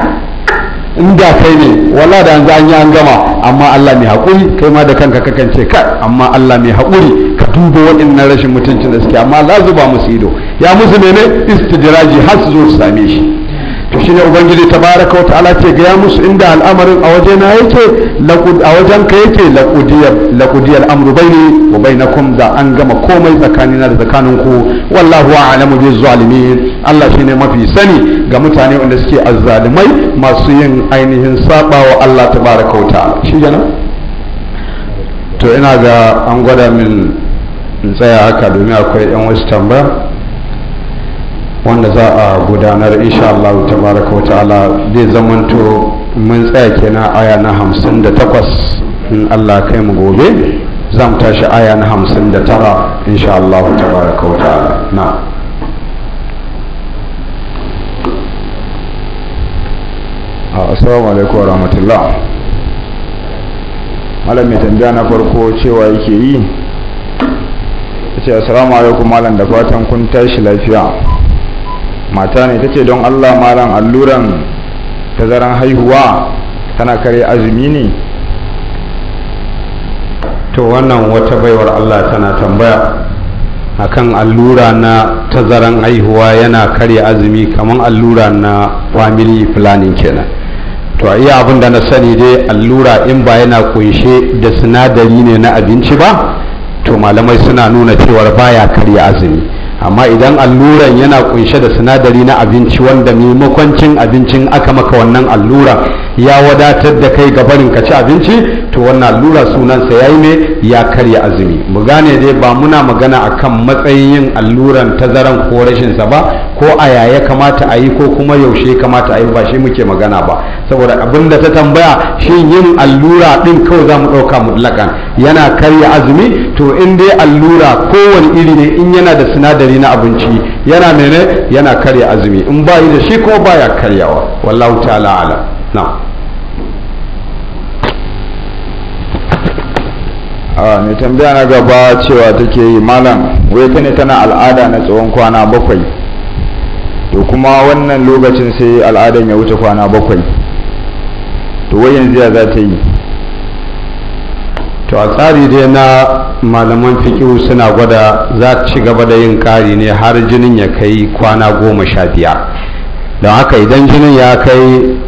inda kai ne wala da an yi an gama amma Allah mai hakuri kai ma da kanka kakan ce ka amma Allah mai hakuri ka duba waɗannan rashin mutuncin da suke amma la zuba musu ido ya musu ne istidraji har su zo su same shi to shi ne ubangiji baraka wata ala ce gaya musu inda al'amarin a waje na yake a wajen ka yake laqudiyal amru ne wa kum da an gama komai tsakanina da tsakaninku wallahu a'lamu bi zalimi Allah shi ne mafi sani ga mutane wanda suke azzalimai masu yin ainihin wa Allah ta baraka wata shi gana to ina ga an gwada min in tsaya haka domin akwai yan wasu tambaya wanda za a gudanar insha Allah tabaraka wa ta'ala zai zamanto mun tsaya kenan aya na hamsin da takwas in Allah kai mu gobe za mu tashi aya na hamsin da tara insha Allah tabaraka wa ta'ala na assalamu alaikum wa rahmatullah malam mai tambaya na farko cewa yake yi ce assalamu alaikum malam da fatan kun tashi lafiya mata ne ta ce don allah malam alluran tazaran haihuwa tana kare azumi ne to wannan wata baiwar allah tana tambaya akan allura na tazaran haihuwa yana karya azumi kamar allura na family planning kenan to a iya abin na sani dai allura in ba yana kunshe da sinadari ne na abinci ba to malamai suna nuna cewar baya karya azumi amma idan alluran yana kunshe da sinadari na abinci wanda maimakon cin abincin aka maka wannan alluran. ya wadatar da kai ga barin ka ci abinci to wannan allura sunansa yayi ne ya karya azumi mu gane dai ba muna magana akan matsayin yin alluran tazaran ko rashin sa ba ko a yaya kamata a yi ko kuma yaushe kamata a yi ba shi muke magana ba saboda abin da ta tambaya shin yin allura din kawai za mu ɗauka mutlakan yana karya azumi to in dai allura kowane iri ne in yana da sinadari na abinci yana mene yana karya azumi in ba yi da shi ko baya karyawa wallahu ta'ala alam na a ah, mai tambaya na gaba cewa take yi malam wai ne tana al'ada na tsawon kwana bakwai to kuma wannan lokacin sai al'adan ya wuce kwana bakwai to wai yanzu ya za ta yi to a tsari dai na malaman fikihu suna gwada za ci gaba da yin kari ne har jinin ya kai kwana goma sha biyar don haka idan jinin ya kai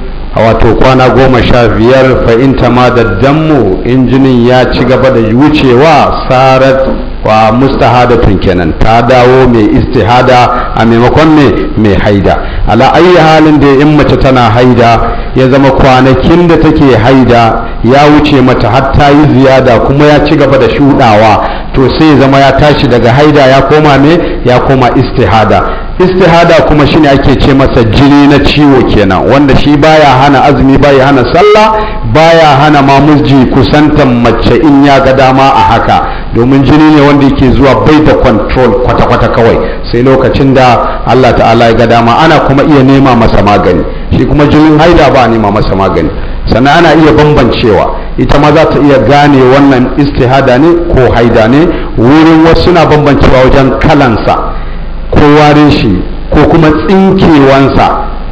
wato kwana goma sha biyar fa'in ma da dammu injinin ya ci gaba da wucewa sarat wa mustahadatun kenan ta dawo mai istihada a maimakon ne mai haida ala ayi halin da in mace tana haida ya zama kwanakin da take haida ya wuce mata hatta ta yi ziyada kuma ya ci gaba da shudawa to sai zama ya tashi daga haida ya koma ne ya koma istihada istihada kuma shine ake ce masa jini na ciwo kenan wanda shi baya hana azumi baya hana sallah baya hana ma miji kusantan mace in ya ga dama a haka domin jini ne wanda yake zuwa bai da control kwata-kwata kawai sai lokacin da Allah ta'ala ya ga dama ana kuma iya nema masa magani shi kuma jinin haida ba a nema masa magani sannan ana iya bambancewa ita ma za ta iya gane wannan istihada ne ko haida ne wurin wasu na bambancewa wajen kalansa ko warin shi ko kuma tsinkewansa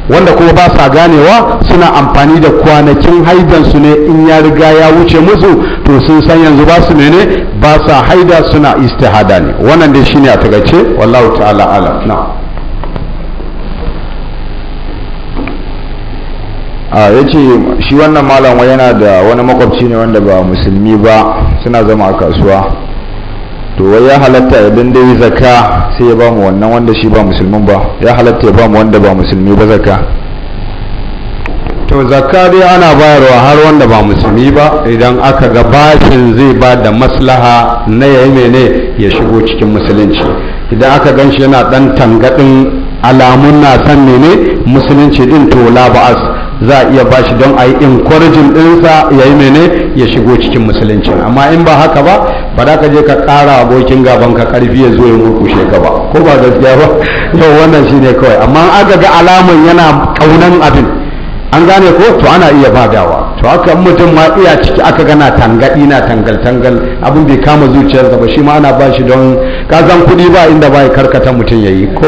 wanda kuma ba sa ganewa suna amfani da kwanakin haidansu ne in ya riga ya wuce musu to sun san yanzu ba su mene ba sa haida suna istihada ne wannan dai shine a tagace wallahu ta'ala alam na a yace shi wannan malam yana da wani makwabci ne wanda ba musulmi ba suna zama a kasuwa to wai ya halatta idan dai zaka sai ya bamu wannan wanda shi ba musulmin ba ya halatta ya bamu wanda ba musulmi ba zaka to zaka dai ana bayarwa har wanda ba musulmi ba idan aka ga bashin zai ba da maslaha na yayi mene ya shigo cikin musulunci idan aka gan shi yana dan tangadin alamun na san mene musulunci din to la ba'as za a iya bashi don a yi encouraging ɗinsa ya yi mene ya shigo cikin musulunci amma in ba haka ba ba da ka je ka ƙara abokin gaban ka ƙarfi ya zo ya murkushe ka ba ko ba gaskiya ba yau wannan shine kawai amma an aka ga alamun yana ƙaunan abin an gane ko to ana iya badawa to haka mutum ma iya ciki aka gana tangaɗi na tangal tangal abin bai kama zuciyarsa ba shi ma ana bashi don ka san kuɗi ba inda ba karkata mutum ya yi ko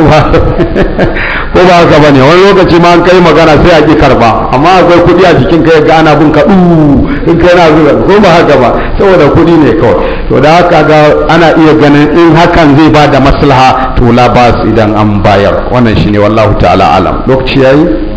ba haka ba ne wani lokaci ma an kai magana sai a ƙi karba amma akwai kuɗi a jikin kai ga ana bin ka in kai na zuwa ko ba haka ba saboda kuɗi ne kawai to da haka ga ana iya ganin in hakan zai ba da maslaha to labas idan an bayar wannan shine wallahu ta'ala alam lokaci yayi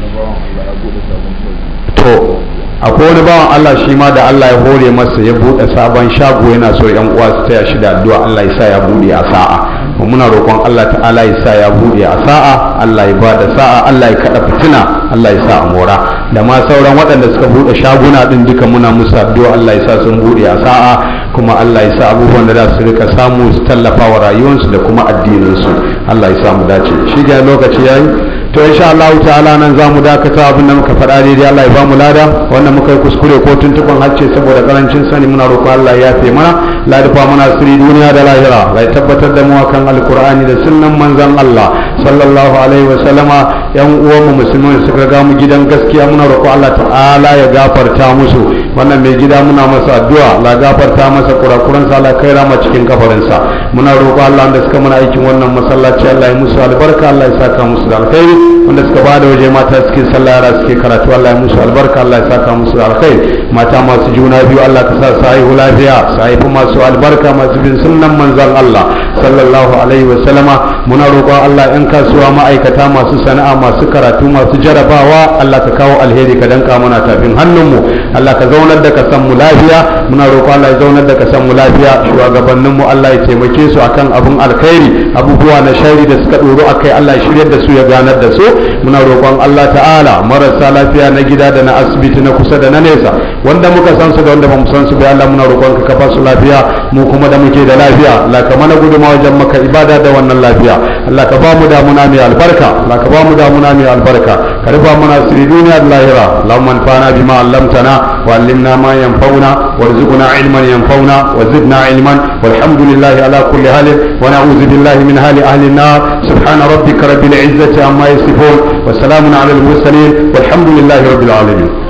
akwai wani bawan Allah shi ma da Allah ya hore masa ya buɗe sabon shago yana so yan uwa su taya shi da addu'a Allah ya sa ya buɗe a sa'a muna roƙon Allah ta'ala ya sa ya buɗe a sa'a Allah ya ba sa'a Allah ya kada fitina Allah ya sa a mora da ma sauran waɗanda suka buɗe shaguna ɗin duka muna musu addu'a Allah ya sa sun buɗe a sa'a kuma Allah ya sa abubuwan da za su rika samu su tallafa wa rayuwarsu da kuma addininsu Allah ya sa mu dace shi ga lokaci yayi to insha Allah ta'ala nan za mu dakata abin da muka faɗa daidai Allah ya bamu lada wannan muka yi kuskure ko tuntuban harce saboda karancin sani muna roƙon Allah ya yafe mana ladufa mana siri duniya da lahira la tabbatar da mu akan da sunnan manzan Allah sallallahu alaihi wa sallama yan uwan mu musulmai suka ga mu gidan gaskiya muna roƙon Allah ta'ala ya gafarta musu wannan mai gida muna masa addu'a la gafarta masa kurakuran sa la kai rama cikin kafarinsa muna roƙo Allah da suka muna aikin wannan masallaci Allah ya musu albarka Allah ya saka musu da alkhairi wanda suka bada waje mata suke sallah yara suke karatu Allah ya musu albarka Allah ya saka musu da alkhairi mata masu juna biyu Allah ka sa su haihu lafiya su haifi masu albarka masu bin sunnan manzon Allah sallallahu alaihi wa sallama muna roƙo Allah yan kasuwa ma'aikata masu sana'a masu karatu masu jarabawa Allah ka kawo alheri ka danka mana tafin hannunmu Allah ka zaunar da ka san mu lafiya muna roƙo Allah ya zaunar da ka san mu lafiya shugabannin mu Allah ya taimake su akan abun alkhairi abubuwa na shari da suka doro akai Allah ya shiryar da su ya ganar da su muna roƙon Allah ta'ala marasa lafiya na gida da na asibiti na kusa da na nesa wanda muka san su da wanda bamu san su bai Allah muna roƙon ka kafa su lafiya mu kuma da muke da lafiya Allah ka mana guduma wajen maka ibada da wannan lafiya Allah ka ba mu muna mai albarka Allah ka ba mu muna mai albarka rufa mana asiri duniya da lahira Allahumma anfa'na bima 'allamtana wa 'allimna ma yanfa'una warzuqna 'ilman yanfa'una 'ilman walhamdulillahi ala kulli halin wa na'udzu billahi min hali ahli an-nar subhana rabbika rabbil 'izzati amma yasifun wa salamun 'alal mursalin walhamdulillahi rabbil 'alamin